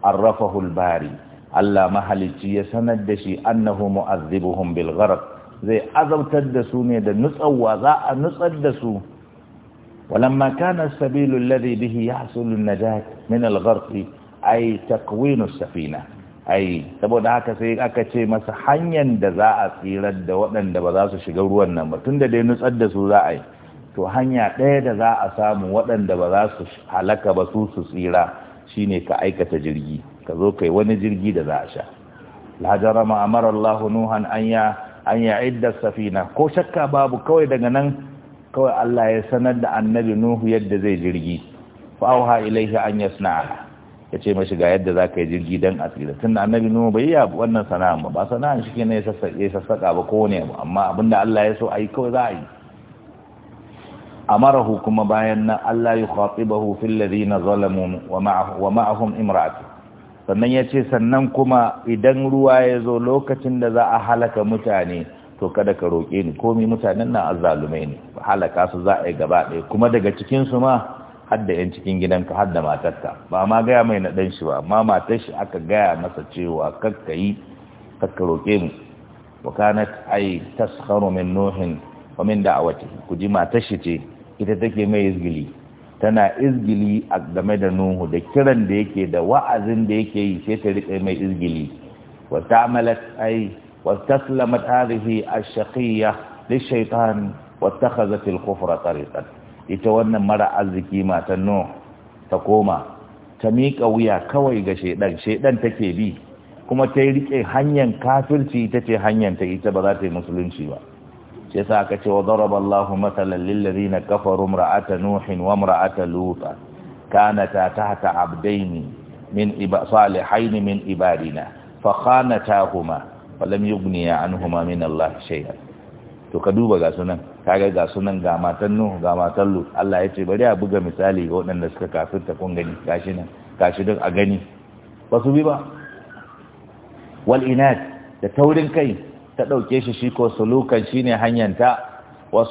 arrafahu al-bari Allah mahalicci ya sanar da shi annahu mu'azzibuhum bil gharq zai azabtar da su ne da nutsawa za a nutsar da su ولما كان السبيل الذي به يحصل النجاة من ai أي تكوين السفينة أي saboda haka sai aka ce masa hanyar da za a tsirar da waɗanda ba za su shiga ruwan nan ba tunda dai nutsar da su za a yi to hanya ɗaya da za a samu waɗanda ba za su halaka ba su su tsira shine ka aikata jirgi ka zo kai wani jirgi da za a sha la jarama amara Allah nuhan an safina ko shakka babu kawai daga nan kawai Allah ya sanar da annabi Nuhu yadda zai jirgi fa auha ilaihi an ya ce mashi ga yadda ka yi jirgi dan asira tunda annabi Nuhu bai yi wannan sana'a ba ba sana'an shi ne ya sassaka ba kowane ba amma abinda Allah ya so yi kawai za a yi amarahu kuma bayan nan Allah ya khatibahu fil ladina zalamu wa ma'ahu wa ma'ahum ya ce yace sannan kuma idan ruwa ya zo lokacin da za a halaka mutane to kada ka roƙe ni komi mutanen nan azzalumai ne halaka su za a yi gaba ɗaya kuma daga cikin su ma har da yan cikin gidanka har da matarka ba ma gaya mai na ɗan shi ba amma matar shi aka gaya masa cewa kakka yi kakka roƙe mu wa kana ai taskharu min nuhin wa min da'awati ku ji matar shi ce ita take mai izgili tana izgili a game da nuhu da kiran da yake da wa'azin da yake yi sai ta riƙe mai izgili wa ta'amalat ai واستسلمت هذه الشقية للشيطان واتخذت الكفر طريقا يتوانا مرأة الزكي ما تنوح تقوما تميك ويا كوي شيطان شيطان تكيبي kuma ta yi rike hanyar kafirci ita ce hanyar ta ita ba za ta yi musulunci ba shi yasa aka ce wa daraba Allahu matalan lil ladina kafaru imra'ata nuhin wa imra'ata abdaini min min ibadina fa khanatahuma falam yugniya anhuma min Allah shay'a to ka duba ga sunan kaga ga sunan ga matan Nuh ga matan Allah ya ce bari a buga misali ga waɗanda suka ta kun gani gashi nan gashi duk a gani ba su bi ba wal da taurin kai ta dauke shi shi ko sulukan shine hanyanta wa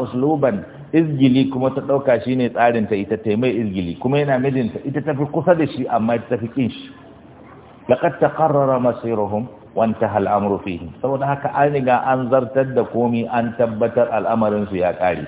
usluban izgili kuma ta dauka shine tsarin ta ita taimai izgili kuma yana mijinta ita tafi kusa da shi amma ta tafi kin shi laqad taqarrara masiruhum wanta al'amuru fihi saboda haka an riga an zartar da komi an tabbatar al'amarinsu ya ƙare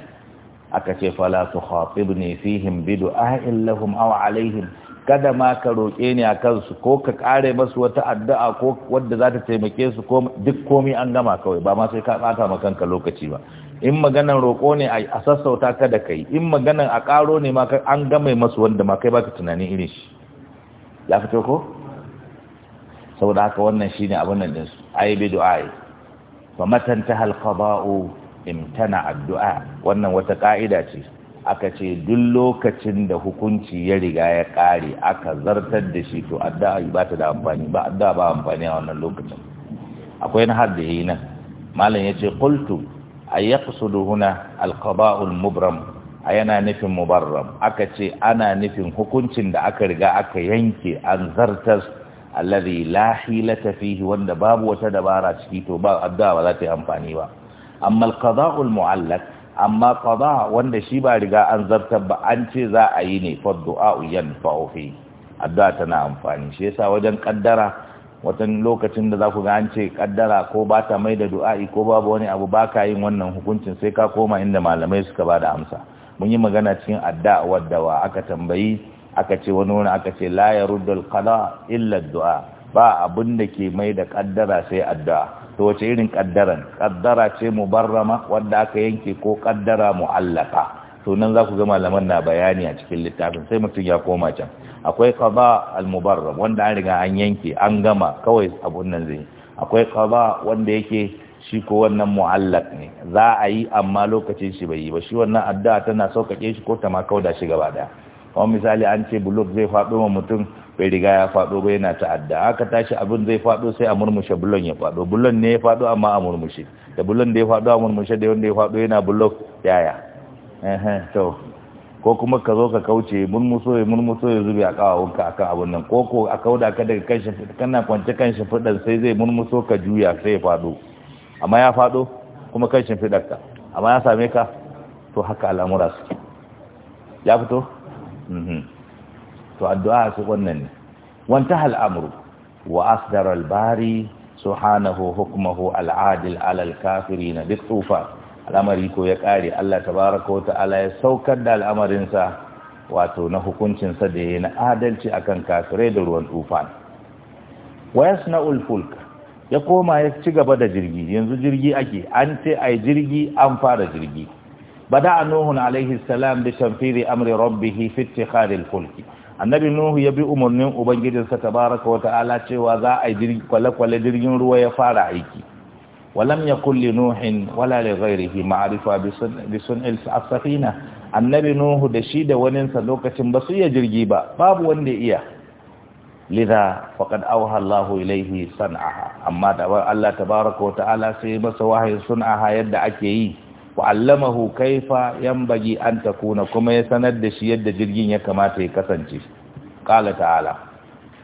aka ce fala su khatibni fihim bidu'a'in lahum aw alaihim kada ma ka roƙe ni a kansu ko ka ƙare masu wata addu'a ko wadda za ta taimake su duk komi an gama kawai ba ma sai ka ɓata ma kanka lokaci ba in maganan roƙo ne a sassauta ka da kai in maganan a ƙaro ne ma an game masu wanda ma kai baka tunanin irin shi ya fito ko saboda haka wannan shi ne abin da din su ai bi du'ai fa matan tahal imtana addu'a wannan wata ka'ida ce aka ce duk lokacin da hukunci ya riga ya ƙare aka zartar da shi to addu'a ba ta da amfani ba addu'a ba amfani a wannan lokacin akwai na har da yayi nan malam ya ce, ay a huna al-qada'u al-mubram a yana nufin mubarram aka ce ana nufin hukuncin da aka riga aka yanke an zartar alladhi la hilata fihi wanda babu wata dabara ciki to ba addu'a ba za ta yi amfani ba amma alqada'u almu'allaq amma qada wanda shi ba riga an zartar ba an ce za a yi ne fa du'a yanfa'u fi addu'a tana amfani shi yasa wajen kaddara watan lokacin da za ku ga an ce kaddara ko ba ta mai da du'a'i ko babu wani abu ba ka yin wannan hukuncin sai ka koma inda malamai suka ba da amsa mun yi magana cikin addu'a wadda wa aka tambayi aka ce wani wani aka ce la ya rudu qada illa du'a ba abun da ke mai da kaddara sai addu'a to wace irin kaddaran kaddara ce mubarrama wanda aka yanke ko kaddara mu'allaka to nan za ku ga malaman na bayani a cikin littafin sai mutum ya koma can akwai qada almubarram wanda an riga an yanke an gama kawai abun nan zai akwai qada wanda yake shi ko wannan mu'allaq ne za a yi amma lokacin shi bai yi ba shi wannan addu'a tana sauƙaƙe shi ko ta ma kauda shi gaba daya kuma misali an ce bulok zai faɗo ma mutum bai riga ya faɗo ba yana ta'adda aka tashi abin zai faɗo sai a murmushe bulon ya faɗo bulon ne ya faɗo amma a murmushe da bulon da ya faɗo a murmushe da wanda ya faɗo yana bulok yaya to ko kuma ka zo ka kauce murmuso ya murmuso ya zube a kawawunka kan abin nan ko ko a kauda ka daga kan shafi kana kwance kan shafiɗan sai zai murmuso ka juya sai ya faɗo amma ya faɗo kuma kan shafiɗarka amma ya same ka to haka al'amura su ya fito Mhm. to addu'a su wannan ne wanta hal amru wa asdara al bari subhanahu hukmuhu al adil ala al kafirin bi tufa al'amari ko ya kare Allah tabaaraka wa ta'ala ya saukar da amrin sa wato na hukuncin sa da yana adalci akan kafirai da ruwan tufan wa al fulk ya koma ya ci gaba da jirgi yanzu jirgi ake an ce ai jirgi an fara jirgi bada a Nuhun salam da tanfiri amri rabbih fi ittikhadil fulki annabi nuhu ya bi umarnin ubangijinsa tabaraka wa ta'ala cewa za a yi kwale-kwale jirgin ruwa ya fara aiki ولم يكن لنوح ولا لغيره معرفة بصنع السفينة annabi nuhu da shi da waninsa lokacin ba su iya jirgi ba babu wanda iya lida faqad awha Allahu ilayhi san'aha amma da Allah tabaaraka wa ta'ala sai masa wahayin sun'aha yadda ake yi wa allamahu kaifa bagi an takuna kuma ya sanar da shi yadda jirgin ya kamata ya kasance qala ta'ala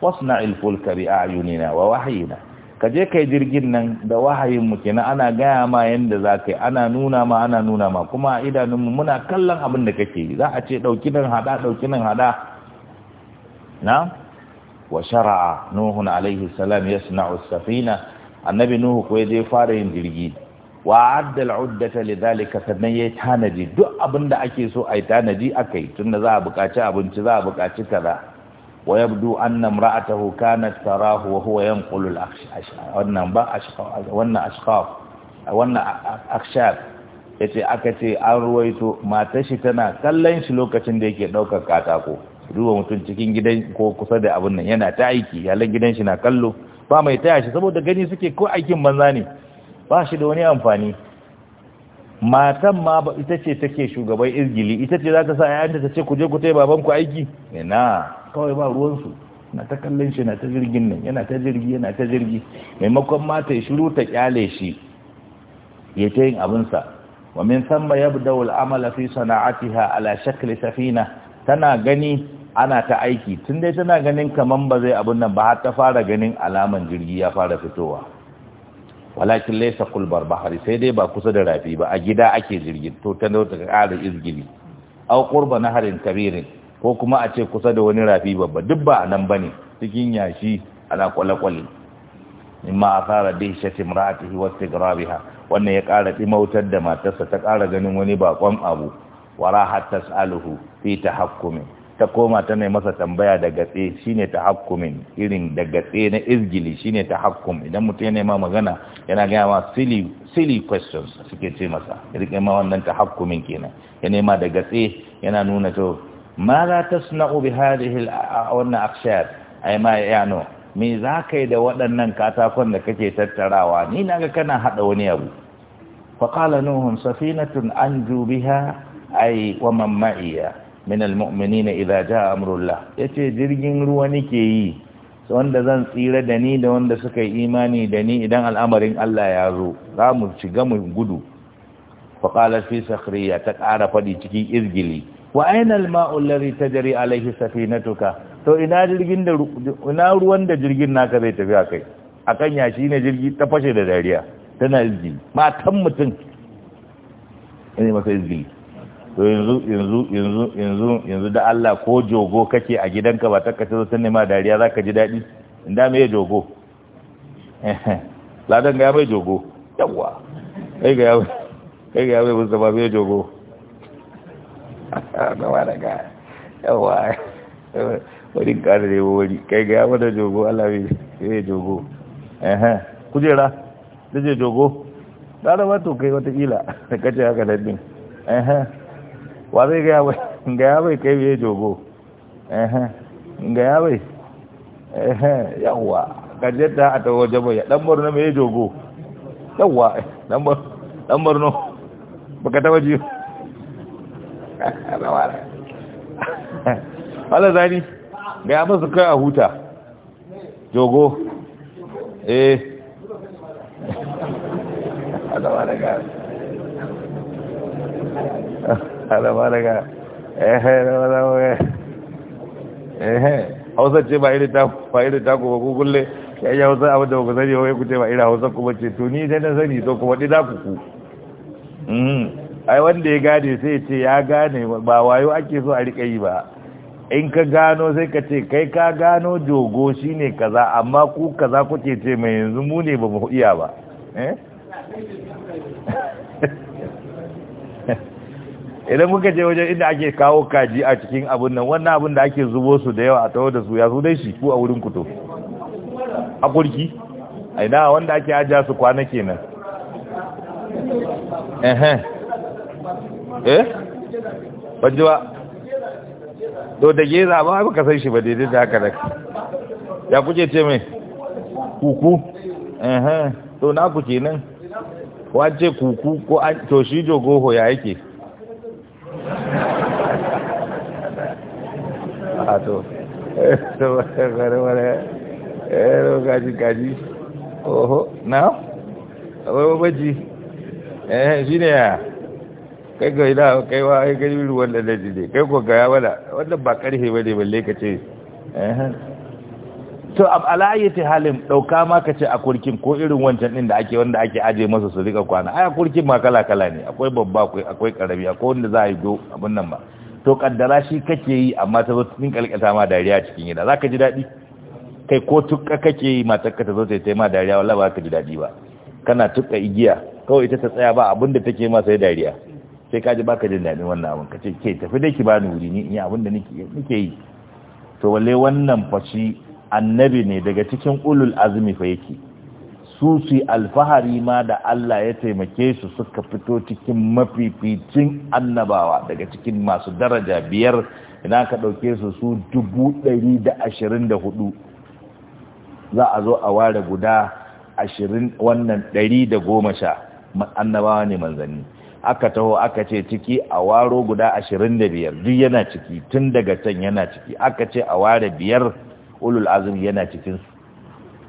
wasna'il fulka bi a'yunina wa wahyina kaje kai jirgin nan da wahayin mu kina ana gaya ma yanda zakai ana nuna ma ana nuna ma kuma idanunmu muna kallon abin da kake za a ce dauki nan hada dauki nan hada na wa shar'a nuhun alaihi salam yasna'u safina annabi nuhu ko ya je fara yin jirgi wa addal uddata lidhalika sannan yayi tanadi duk abin da ake so ai tanadi akai tunda za a buƙaci abinci za a buƙaci kaza wa yabdu anna imra'atahu kanat tarahu wa huwa yanqulu al wannan ba ashqaf wannan ashqaf wannan yace aka ce an ruwaito matar shi tana kallon shi lokacin da yake daukar katako duba mutum cikin gidan ko kusa da abin nan yana ta aiki yalan gidan shi na kallo ba mai taya shi saboda gani suke ko aikin banza ne ba shi da wani amfani matan ma ita ce take shugaban izgili ita ce za ta sa yayanta ta ce ku je ku taya baban ku aiki ina kawai ba ruwansu na ta kallon shi na ta jirgin nan yana ta jirgi yana ta jirgi maimakon mata ya shiru ta kyale shi ya ta yin abinsa wa min samma yabda wal amala fi sana'atiha ala shakli safina tana gani ana ta aiki tun dai tana ganin kaman ba zai abun nan ba har ta fara ganin alaman jirgi ya fara fitowa walakin laisa kulbar bahari sai dai ba kusa da rafi ba a gida ake jirgin to ta nauta ka ƙara izgili au qurba naharin kabirin ko kuma a ce kusa da wani rafi babba duk ba nan bane cikin yashi ana kwale-kwale mimma bi dihshat imra'atihi wa istighrabiha wannan ya ƙara dimautar da matarsa ta ƙara ganin wani bakon abu wara hatta tas'aluhu fi tahakkumi ta koma ta ne masa tambaya da gatse shine ta tahakkumin irin da gatse na izgili shine ta tahakkum idan mutum ya ma magana yana gaya ma silly questions suke ce masa rike ma wannan ta tahakkumin kenan ya nema da gatse yana nuna to ma za tasna'u bi a wannan akshayar ai ma yano me za ka yi da waɗannan katakon da kake tattarawa ni na ga kana haɗa wani abu faƙala nuhun safinatun an jubiha ai wa mamma'iya min na idza jaa amrullah yace jirgin ruwa nake yi wanda zan tsira da ni da wanda suka yi imani da ni idan al'amarin Allah ya zo za mu shiga mu gudu fa qala fi sakhriya ta ƙara fadi cikin izgili wa aina alma'u alladhi tajri alayhi safinatuka to ina jirgin da ina ruwan da jirgin naka zai tafi akai akan ya ne jirgi ta fashe da dariya tana izgili matan mutum ne masa izgili to yanzu yanzu yanzu yanzu yanzu da Allah ko jogo kake a gidanka ba takka ta zo ta nema dariya zaka ji daɗi inda me jogo dan ga mai jogo yawa kai ga yawa kai ga mai musaba mai jogo ba wada ga yawa wani kare ne wani kai ga yawa da jogo Allah mai jogo kujera da je jogo da da wato kai watakila da kace haka da din wa zai gaya bai kai bai ya biye jogo gaya bai yawwa kajeta a tawo jabo ya dan borno mai jogo yawa dan borno baka taba ji wala zani gaya masu kai a huta jogo eh alama daga ehe na eh. ehe hausa ce ba iri taku ba iri taku ba kukulle ya yi hausa abin da ku sani wai ku ce ba iri hausa kuma ce tuni ni dai na sani to kuma ɗi ku ku mm. ai wanda ya gane sai ce ya gane ba wayo ake so a riƙa yi ba in ka gano sai ka ce kai ka gano jogo shine kaza amma ku kaza kuke ce mai yanzu mu ne ba mu iya ba eh idan kuka je wajen inda ake kawo kaji a cikin abun nan wannan abun da ake zubo su da yawa a tawo da su ya zo dai shi ko a wurin kuto a kurki a ina wanda ake ajiya su kwana kenan ehe eh wajen ba to da geza ba ba ka san shi ba daidai da haka da ya kuke ce mai kuku ehe to na ku kenan Wace kuku ko an to shi ho ya yake a to eh, kaji kaji oho na babaji eh shi ne ya kai ga ila kai wa kai gari ruwan da daji ne kai ko gaya wala wannan ba karfe ba ne balle ka ce eh. to ab alayati halim dauka ma ka ce a kurkin ko irin wancan din da ake wanda ake aje masa su rika kwana ai a kurkin ma kala kala ne akwai babba akwai akwai akwai wanda za a yi go abin nan ba to kaddara shi kake yi amma ta zo cikin kalkata ma dariya cikin gida zaka ji dadi kai ko tukka kake yi ma takka ta zo ta yi ma dariya wallahi ba ka ji dadi ba kana tukka igiya kawai ita ta tsaya ba abinda take ma sai dariya sai ka ji baka jin dadin wannan abin kace ke tafi da ki bani wuri ni in yi abinda nake nake yi to walle wannan fashi annabi ne daga cikin ulul azmi fa yake su su alfahari ma da Allah ya taimake su suka fito cikin mafificin annabawa daga cikin masu daraja biyar ina ka ɗauke su su dubu ɗari da ashirin da hudu za a zo a ware guda ashirin wannan ɗari da goma sha annabawa ne manzanni aka taho aka ce ciki a waro guda ashirin da biyar duk yana ciki tun daga can yana ciki aka ce a ware biyar ulul azumi yana cikinsu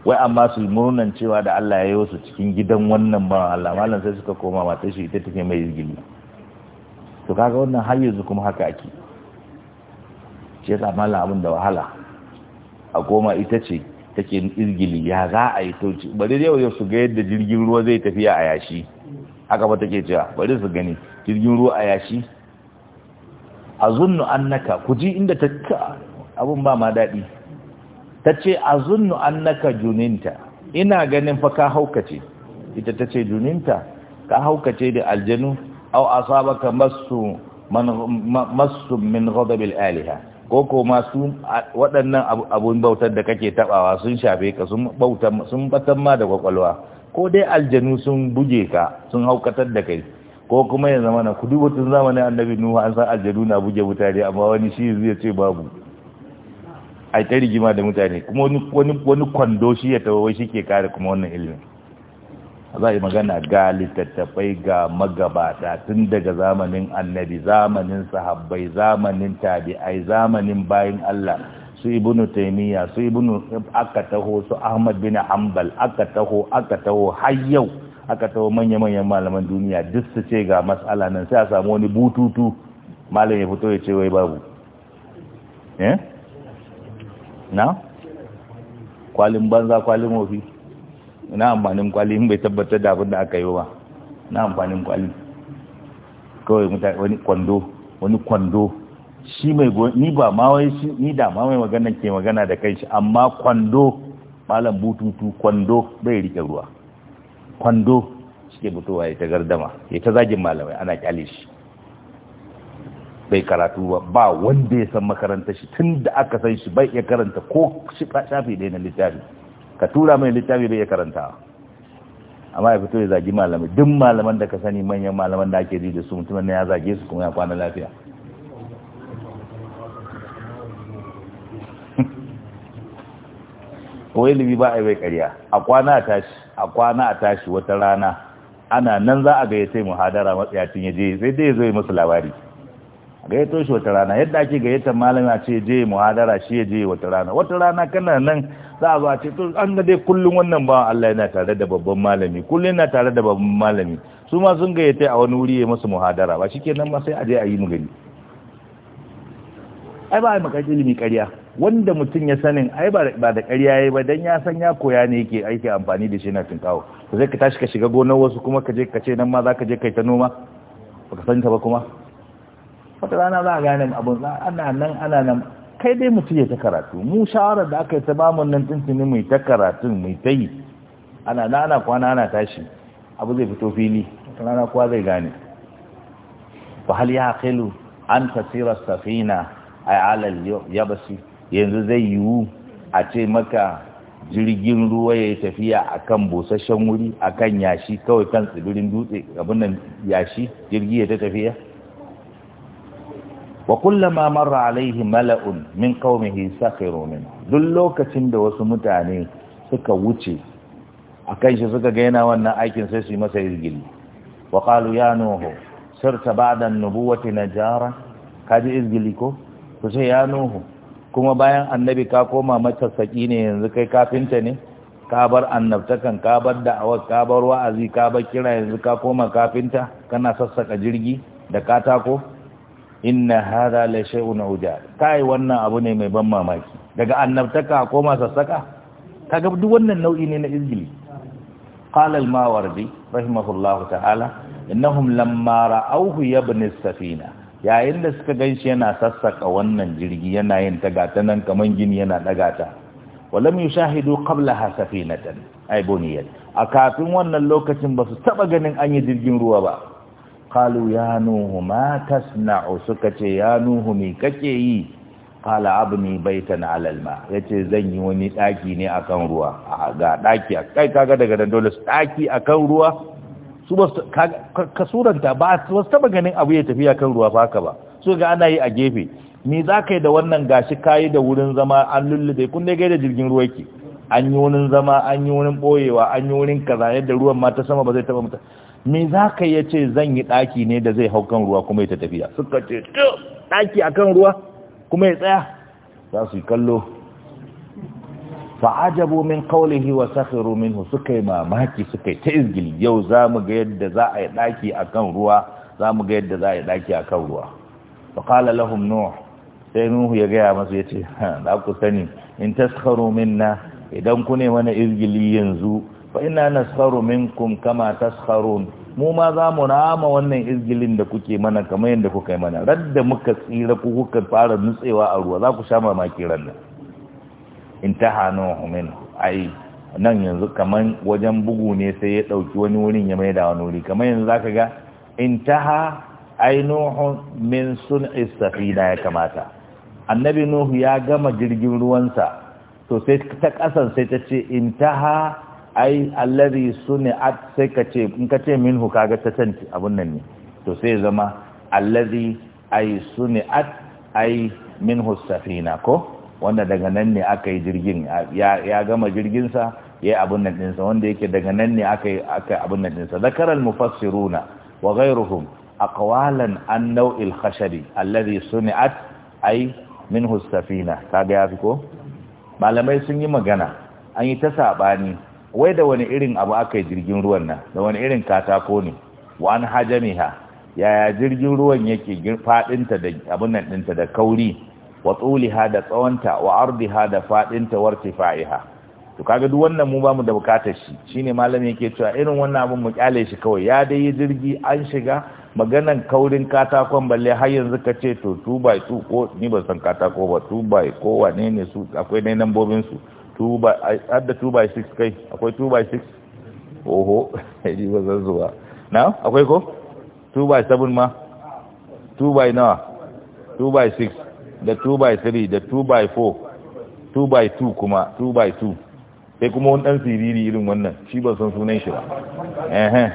wai amma su murnan cewa da Allah ya yi wasu cikin gidan wannan ba Allah malam sai suka koma matar shi ita take mai izgili to kaga wannan har yanzu kuma haka ake ce yasa malam abin da wahala a koma ita ce take izgili ya za a yi tauci bari dai yau su ga yadda jirgin ruwa zai tafiya a yashi haka ba take cewa bari su gani jirgin ruwa a yashi azunnu annaka ku ji inda ta abun ba ma daɗi ta ce a zunnu an naka juninta ina ganin fa ka haukace ita ta ce juninta ka haukace da aljanu au asabaka masu masu min ghadabil aliha ko ko masu waɗannan abun bautar da kake tabawa sun shafe ka sun batan ma da kwakwalwa ko dai aljanu sun buge ka sun haukatar da kai ko kuma ya zama ku kudu zamanin annabi nuhu an san aljanu na buge mutane amma wani shi zai ce babu a ta rigima da mutane kuma wani kwando shi ya tawo shi ke kare kuma wannan ilimin za a yi magana ga littattafai ga magabata tun daga zamanin annabi zamanin sahabbai zamanin tabi'ai zamanin bayin Allah su ibnu taimiyya su ibnu aka taho su ahmad bin hanbal aka taho aka taho har yau aka taho manya-manyan malaman duniya duk su ce ga matsala nan sai a samu wani bututu malam ya fito ya ce wai babu eh na kwalin banza kwalin wofi na amfanin kwali in bai tabbatar da abin da aka yi ba na amfanin kwali kawai mutane wani kwando wani kwando shi mai ni ba ma wai shi ni da ma mai magana ke magana da kai shi amma kwando malam bututu kwando bai rike ruwa kwando ke fitowa ya ta gardama ya ta zagin malamai ana kyale shi bai karatu ba ba wanda ya san makarantar shi tun da aka san shi bai iya karanta ko shafi ɗaya na littafi ka tura mai littafi bai iya karanta amma ya fito ya zagi malamai duk malaman da ka sani manyan malaman da ake ji da su mutumin ya zage su kuma ya kwana lafiya ko ilimi ba a yi bai karya a kwana a tashi a kwana a tashi wata rana ana nan za a ga ya sai muhadara matsayacin ya je sai dai ya zo yi musu labari gayyato shi wata rana yadda ake gayyata malam a ce je muhadara shi ya je wata rana wata rana kana nan za a zo a ce to an ga dai kullum wannan ba Allah yana tare da babban malami kullum yana tare da babban malami su ma sun gayyata a wani wuri ya masa muhadara ba shikenan ma sai a je a yi magani ai ba mu kaji ilimi ƙarya wanda mutum ya sanin ai ba da ƙarya yi ba dan ya san ya koya ne yake aiki amfani da shi na tinkawo ka zai ka tashi ka shiga gonar wasu kuma ka je ka ce nan ma za ka je kai ta noma ba ka san ta ba kuma wata rana za a gane abin za ana nan ana nan kai dai mutum ya ta karatu mu shawarar da aka yi ta bamun nan tuntuni mai ta karatu mai ta yi ana nan ana kwana ana tashi abu zai fito fili wata rana kuwa zai gane ba hal ya an tasira safina a alal yabasi yanzu zai yiwu a ce maka jirgin ruwa ya yi tafiya a kan busasshen wuri a kan yashi kawai kan tsibirin dutse abin yashi jirgi ya ta tafiya wa kullama marra alaihi mala'un min qaumihi sakhiru min duk lokacin da wasu mutane suka wuce akan shi suka ga yana wannan aikin sai su yi masa izgili wa qalu ya nuhu sirta ba'da an-nubuwati najara kaji izgili ko to sai ya nuhu kuma bayan annabi ka koma matasaki ne yanzu kai kafinta ne ka bar annabtakan ka bar ka bar wa'azi ka bar kira yanzu ka koma kafinta kana sassaka jirgi da katako inna hadha la shay'un ujab kai wannan abu ne mai ban mamaki daga annabtaka ko masassaka kaga duk wannan nau'i ne na izgili qala al-mawardi rahimahullahu ta'ala innahum lamma ra'awhu yabni as-safina yayin da suka ganshi yana sassaka wannan jirgi yana yin tagata nan kaman gini yana dagata walam yushahidu qablaha safinatan ay buniyat a kafin wannan lokacin ba su taba ganin an yi jirgin ruwa ba Kalu ya nuhu ma tasna'u suka ce ya nuhu me kake yi qala abni baitan alalma. Ya yace zan yi wani daki ne akan ruwa ga daki kai kaga daga dan dole daki akan ruwa su ba ka suranta ba su taba ganin abu ya tafiya kan ruwa fa haka ba su ga ana yi a gefe me za ka yi da wannan gashi kayi da wurin zama an lullube kun dai da jirgin ruwa ke an yi wurin zama an yi wurin boyewa an yi wurin kaza yadda ruwan ma ta sama ba zai taba mutum me za ka yi ce zan yi ɗaki ne da zai hau kan ruwa kuma ya tafiya suka ce to ɗaki a ruwa kuma ya tsaya za su yi kallo fa'ajabu min qawlihi wa sakhiru minhu suka yi mamaki suka yi ta izgili yau za mu ga yadda za a yi ɗaki a ruwa za mu ga yadda za a yi ɗaki a ruwa fa qala lahum nuh sai nuhu ya gaya masu yace ce za ku sani in taskharu minna idan ku ne mana izgili yanzu fa ina nasaru minkum kama taskharun mu ma za mu rama wannan izgilin da kuke mana kamar yadda kuka yi mana radda muka tsira ku kuka fara nutsewa a ruwa za ku sha mamaki ranar intaha nuhu min ai nan yanzu kaman wajen bugu ne sai ya dauki wani wurin ya maida wani wuri kamar yanzu zaka ga intaha ai nuhu min sun istafida ya kamata annabi nuhu ya gama jirgin ruwansa to sai ta kasan sai ta ce intaha ai allazi at sai ka ce in ka ce minhu kaga ta tanti abun nan ne to sai zama allazi ai suni at ai minhu safina ko wanda daga nan ne aka yi jirgin ya gama jirginsa ya yi abun nan ɗinsa wanda yake daga nan ne aka yi abun nan ɗinsa zakarar mufassiruna wa ghairuhum aqwalan an nau'il khashari allazi suni'at ai minhu safina kaga fi ko malamai sun yi magana an yi ta sabani wai da wani irin abu aka yi jirgin ruwan nan da wani irin katako ne wa an ha? yaya jirgin ruwan yake faɗinta da abin nan dinta da kauri wa tsuliha da tsawonta wa ardiha da fadinta wa tifa'iha to kaga duk wannan mu bamu da bukatar shi shine malami yake cewa irin wannan abin mu kyale shi kawai ya dai jirgi an shiga maganan kaurin katakon balle har yanzu ka ce to 2 by 2 ko ni ban san katako ba 2 by ko wane ne su akwai ne nambobin su hadda 2 by 6 kai akwai 2 by 6 oho haidi ba zan zuwa na akwai ko 2 by 7 ma 2 by nawa 2 by 6 da 2 by 3 da 2 by 4 2 by 2 kuma 2 by 2 sai kuma wani dan siriri irin wannan shi ba san sunan shi ba ehem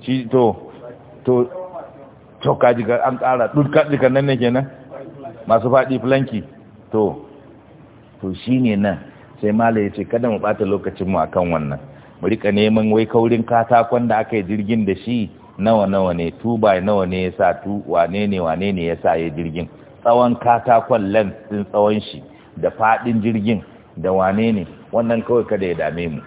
shi to to to kaji an kara dukkan dukan nan ne kenan masu faɗi flanki to to shine nan sai mala ya ce kada mu bata lokacinmu akan wannan mu rika neman wai kaurin katakon da aka yi jirgin da shi nawa nawa ne tu by nawa ne ya sa tu wane ne wane ne ya sa ya jirgin tsawon katakon lens din tsawon shi da fadin jirgin da wane ne wannan kawai kada ya dame mu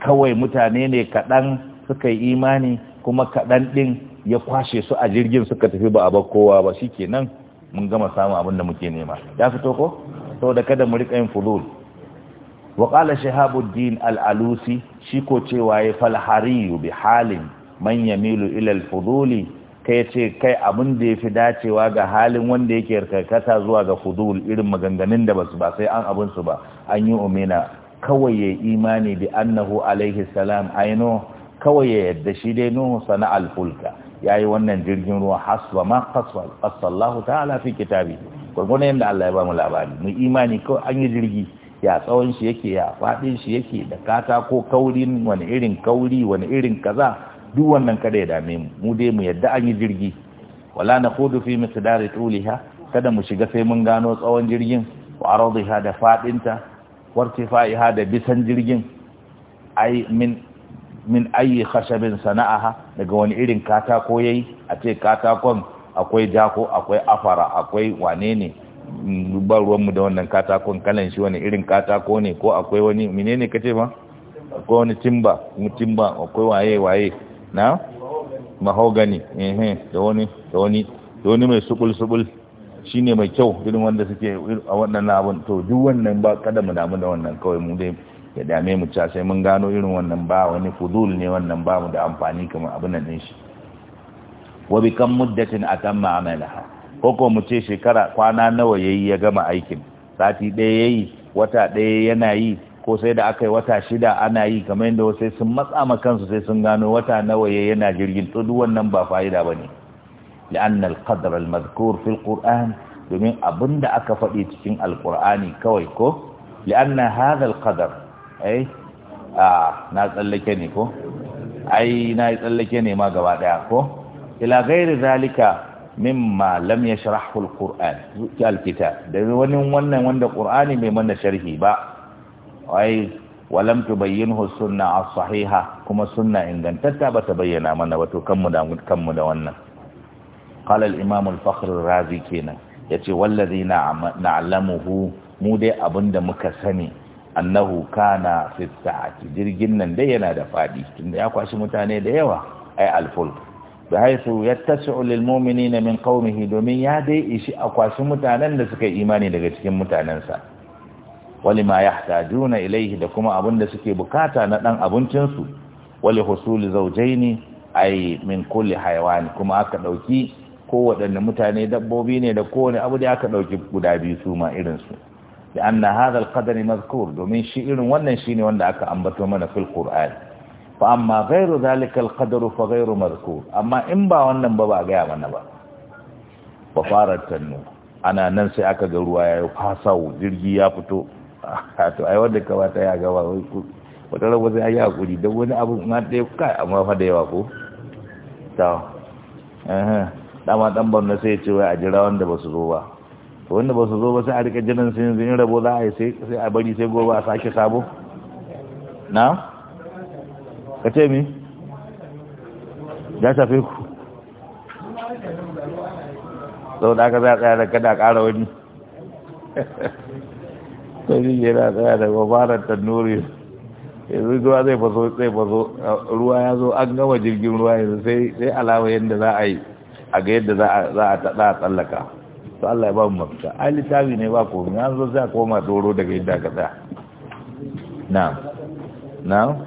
kawai mutane ne kaɗan suka yi imani kuma kaɗan ɗin ya kwashe su a jirgin suka tafi ba a ba kowa ba shi kenan mun gama samun abin da muke nema ya fito ko saboda kada mu rika yin fulul waƙala shahabuddin al-alusi shi ko cewa ya fal hariyu bi halin man yamilu ila fuduli kai ce kai abin da ya fi dacewa ga halin wanda yake karkata zuwa ga fudul irin maganganun da basu ba sai an abinsu su ba an yi umina kawai ya imani bi annahu alaihi salam aino kawai ya yadda shi dai nuhu sana al-fulka yayi wannan jirgin ruwa hasba ma qassallahu ta'ala fi kitabi gurgunan da Allah ya ba mu labari mu imani ko an yi jirgi ya tsawon shi yake ya faɗin shi yake da katako kauri wani irin kauri wani irin kaza duk wannan kada ya dame mu mu dai mu yadda an yi jirgi wala na kudu fi sidari tuliha kada mu shiga sai mun gano tsawon jirgin wa aradiha da warti fa'iha da bisan jirgin ai min min ayi khashabin sana'aha daga wani irin katako yayi a ce katakon akwai jako akwai afara akwai wanene. ba ruwanmu da wannan katakon kalan shi wani irin katako ne ko akwai wani menene kace ma akwai wani timba timba akwai waye waye na mahogani eh da wani da wani da wani mai subul subul shine mai kyau irin wanda suke a wannan abun to duk wannan ba kada mu damu da wannan kawai mu dai ya dame mu ta sai mun gano irin wannan ba wani fudul ne wannan ba mu da amfani kamar abin nan din shi wa bi kam muddatin atamma amalaha ko mu ce shekara kwana nawa yayi ya gama aikin sati ɗaya yayi wata ɗaya yana yi ko sai da aka yi wata shida ana yi kamar yadda wasu sun matsa ma kansu sai sun gano wata nawa yayi yana jirgin to duk wannan ba fa'ida bane ne al-qadr al-madhkur fi al-qur'an aka faɗi cikin alkur'ani kawai ko li'anna hadha eh? al na tsallake ne إلى غير ذلك ma gaba daya ko zalika mimma lam yashrahu ƙuran alkitab da wani wannan wanda ƙurani bai mana sharhi ba ai walam tubayyinhu sunna as-sahiha kuma sunna ingantatta ba ta bayyana mana wato kanmu da wannan qala al-imam al-fakhr razi kenan yace wallazina na'lamuhu mu dai abinda muka sani annahu kana fi sa'ati jirgin nan dai yana da fadi tunda ya kwashi mutane da yawa ai al-fulk da haisu ya tasi'u lil mu'minina min qaumihi domin ya dai ishi akwashin mutanen da suka yi imani daga cikin mutanensa wali ma yahtajuna ilaihi da kuma abun da suke bukata na dan abincin su wali husuli zawjaini ay min kulli hayawan kuma aka dauki kowaɗanne mutane dabbobi ne da kowane abu da aka dauki guda biyu su ma irin su da anna hadha alqadari mazkur domin shi irin wannan shine wanda aka ambato mana fil qur'an fa amma ghairu zalika alqadar fa ghairu marku amma in ba wannan ba ba gaya mana ba Ba fara tannu. ana nan sai aka ga ruwa yayi fasau, jirgi ya fito to ai wanda wata ya ga wai wata rabu sai ya hakuri da wani abu in an kai amma fa da yawa ko ta eh dama dan barna sai ya ce wai a jira wanda ba su zo ba to wanda ba su zo ba sai a rika sai in rabo za a yi sai a bari sai gobe a sake sabo na ka ce mi ya shafe ku sau da aka za a tsaya da kada ƙara wani sai yana tsaya da babarar tannuri yanzu ruwa zai faso zai faso ruwa ya zo an gama jirgin ruwa yanzu sai sai alama yadda za a yi a ga yadda za a za a tsallaka to Allah ya ba mu mafita ai littafi ne ba komai an zo sai a koma doro daga yadda ka tsaya Na na.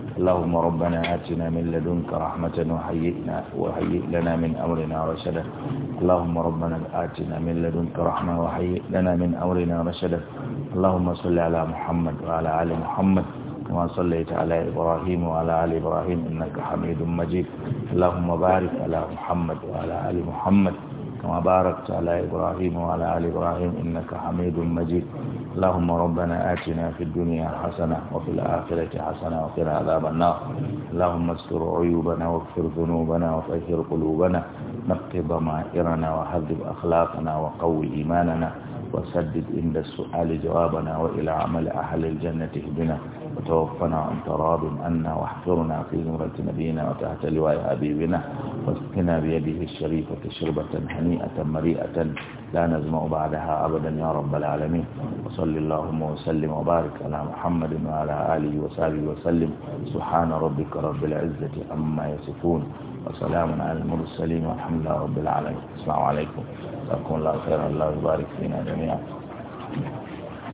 اللهم ربنا آتنا من لدنك رحمة وهيئنا وهيئ لنا من أمرنا رشدا اللهم ربنا آتنا من لدنك رحمة وهيئ لنا من أمرنا رشدا اللهم صل على محمد وعلى آل محمد كما صليت على إبراهيم وعلى آل إبراهيم إنك حميد مجيد اللهم بارك على محمد وعلى آل محمد كما باركت على إبراهيم وعلى آل إبراهيم إنك حميد مجيد اللهم ربنا آتنا في الدنيا حسنة وفي الآخرة حسنة وقنا عذاب النار اللهم استر عيوبنا واغفر ذنوبنا وطهر قلوبنا نقض ضمائرنا وحذب أخلاقنا وقوي إيماننا وسدد إن السؤال جوابنا وإلى عمل أهل الجنة اهدنا وتوفنا عن تراب عنا واحفرنا في نورة نبينا وتحت لواء بنا واسقنا بيده الشريفة شربة هنيئة مريئة لا نزمع بعدها أبدا يا رب العالمين وصل اللهم وسلم وبارك على محمد وعلى آله وصحبه وسلم سبحان ربك رب العزة عما يصفون وسلام على المرسلين والحمد لله رب العالمين السلام عليكم جزاكم الله خيرا الله يبارك فينا جميعا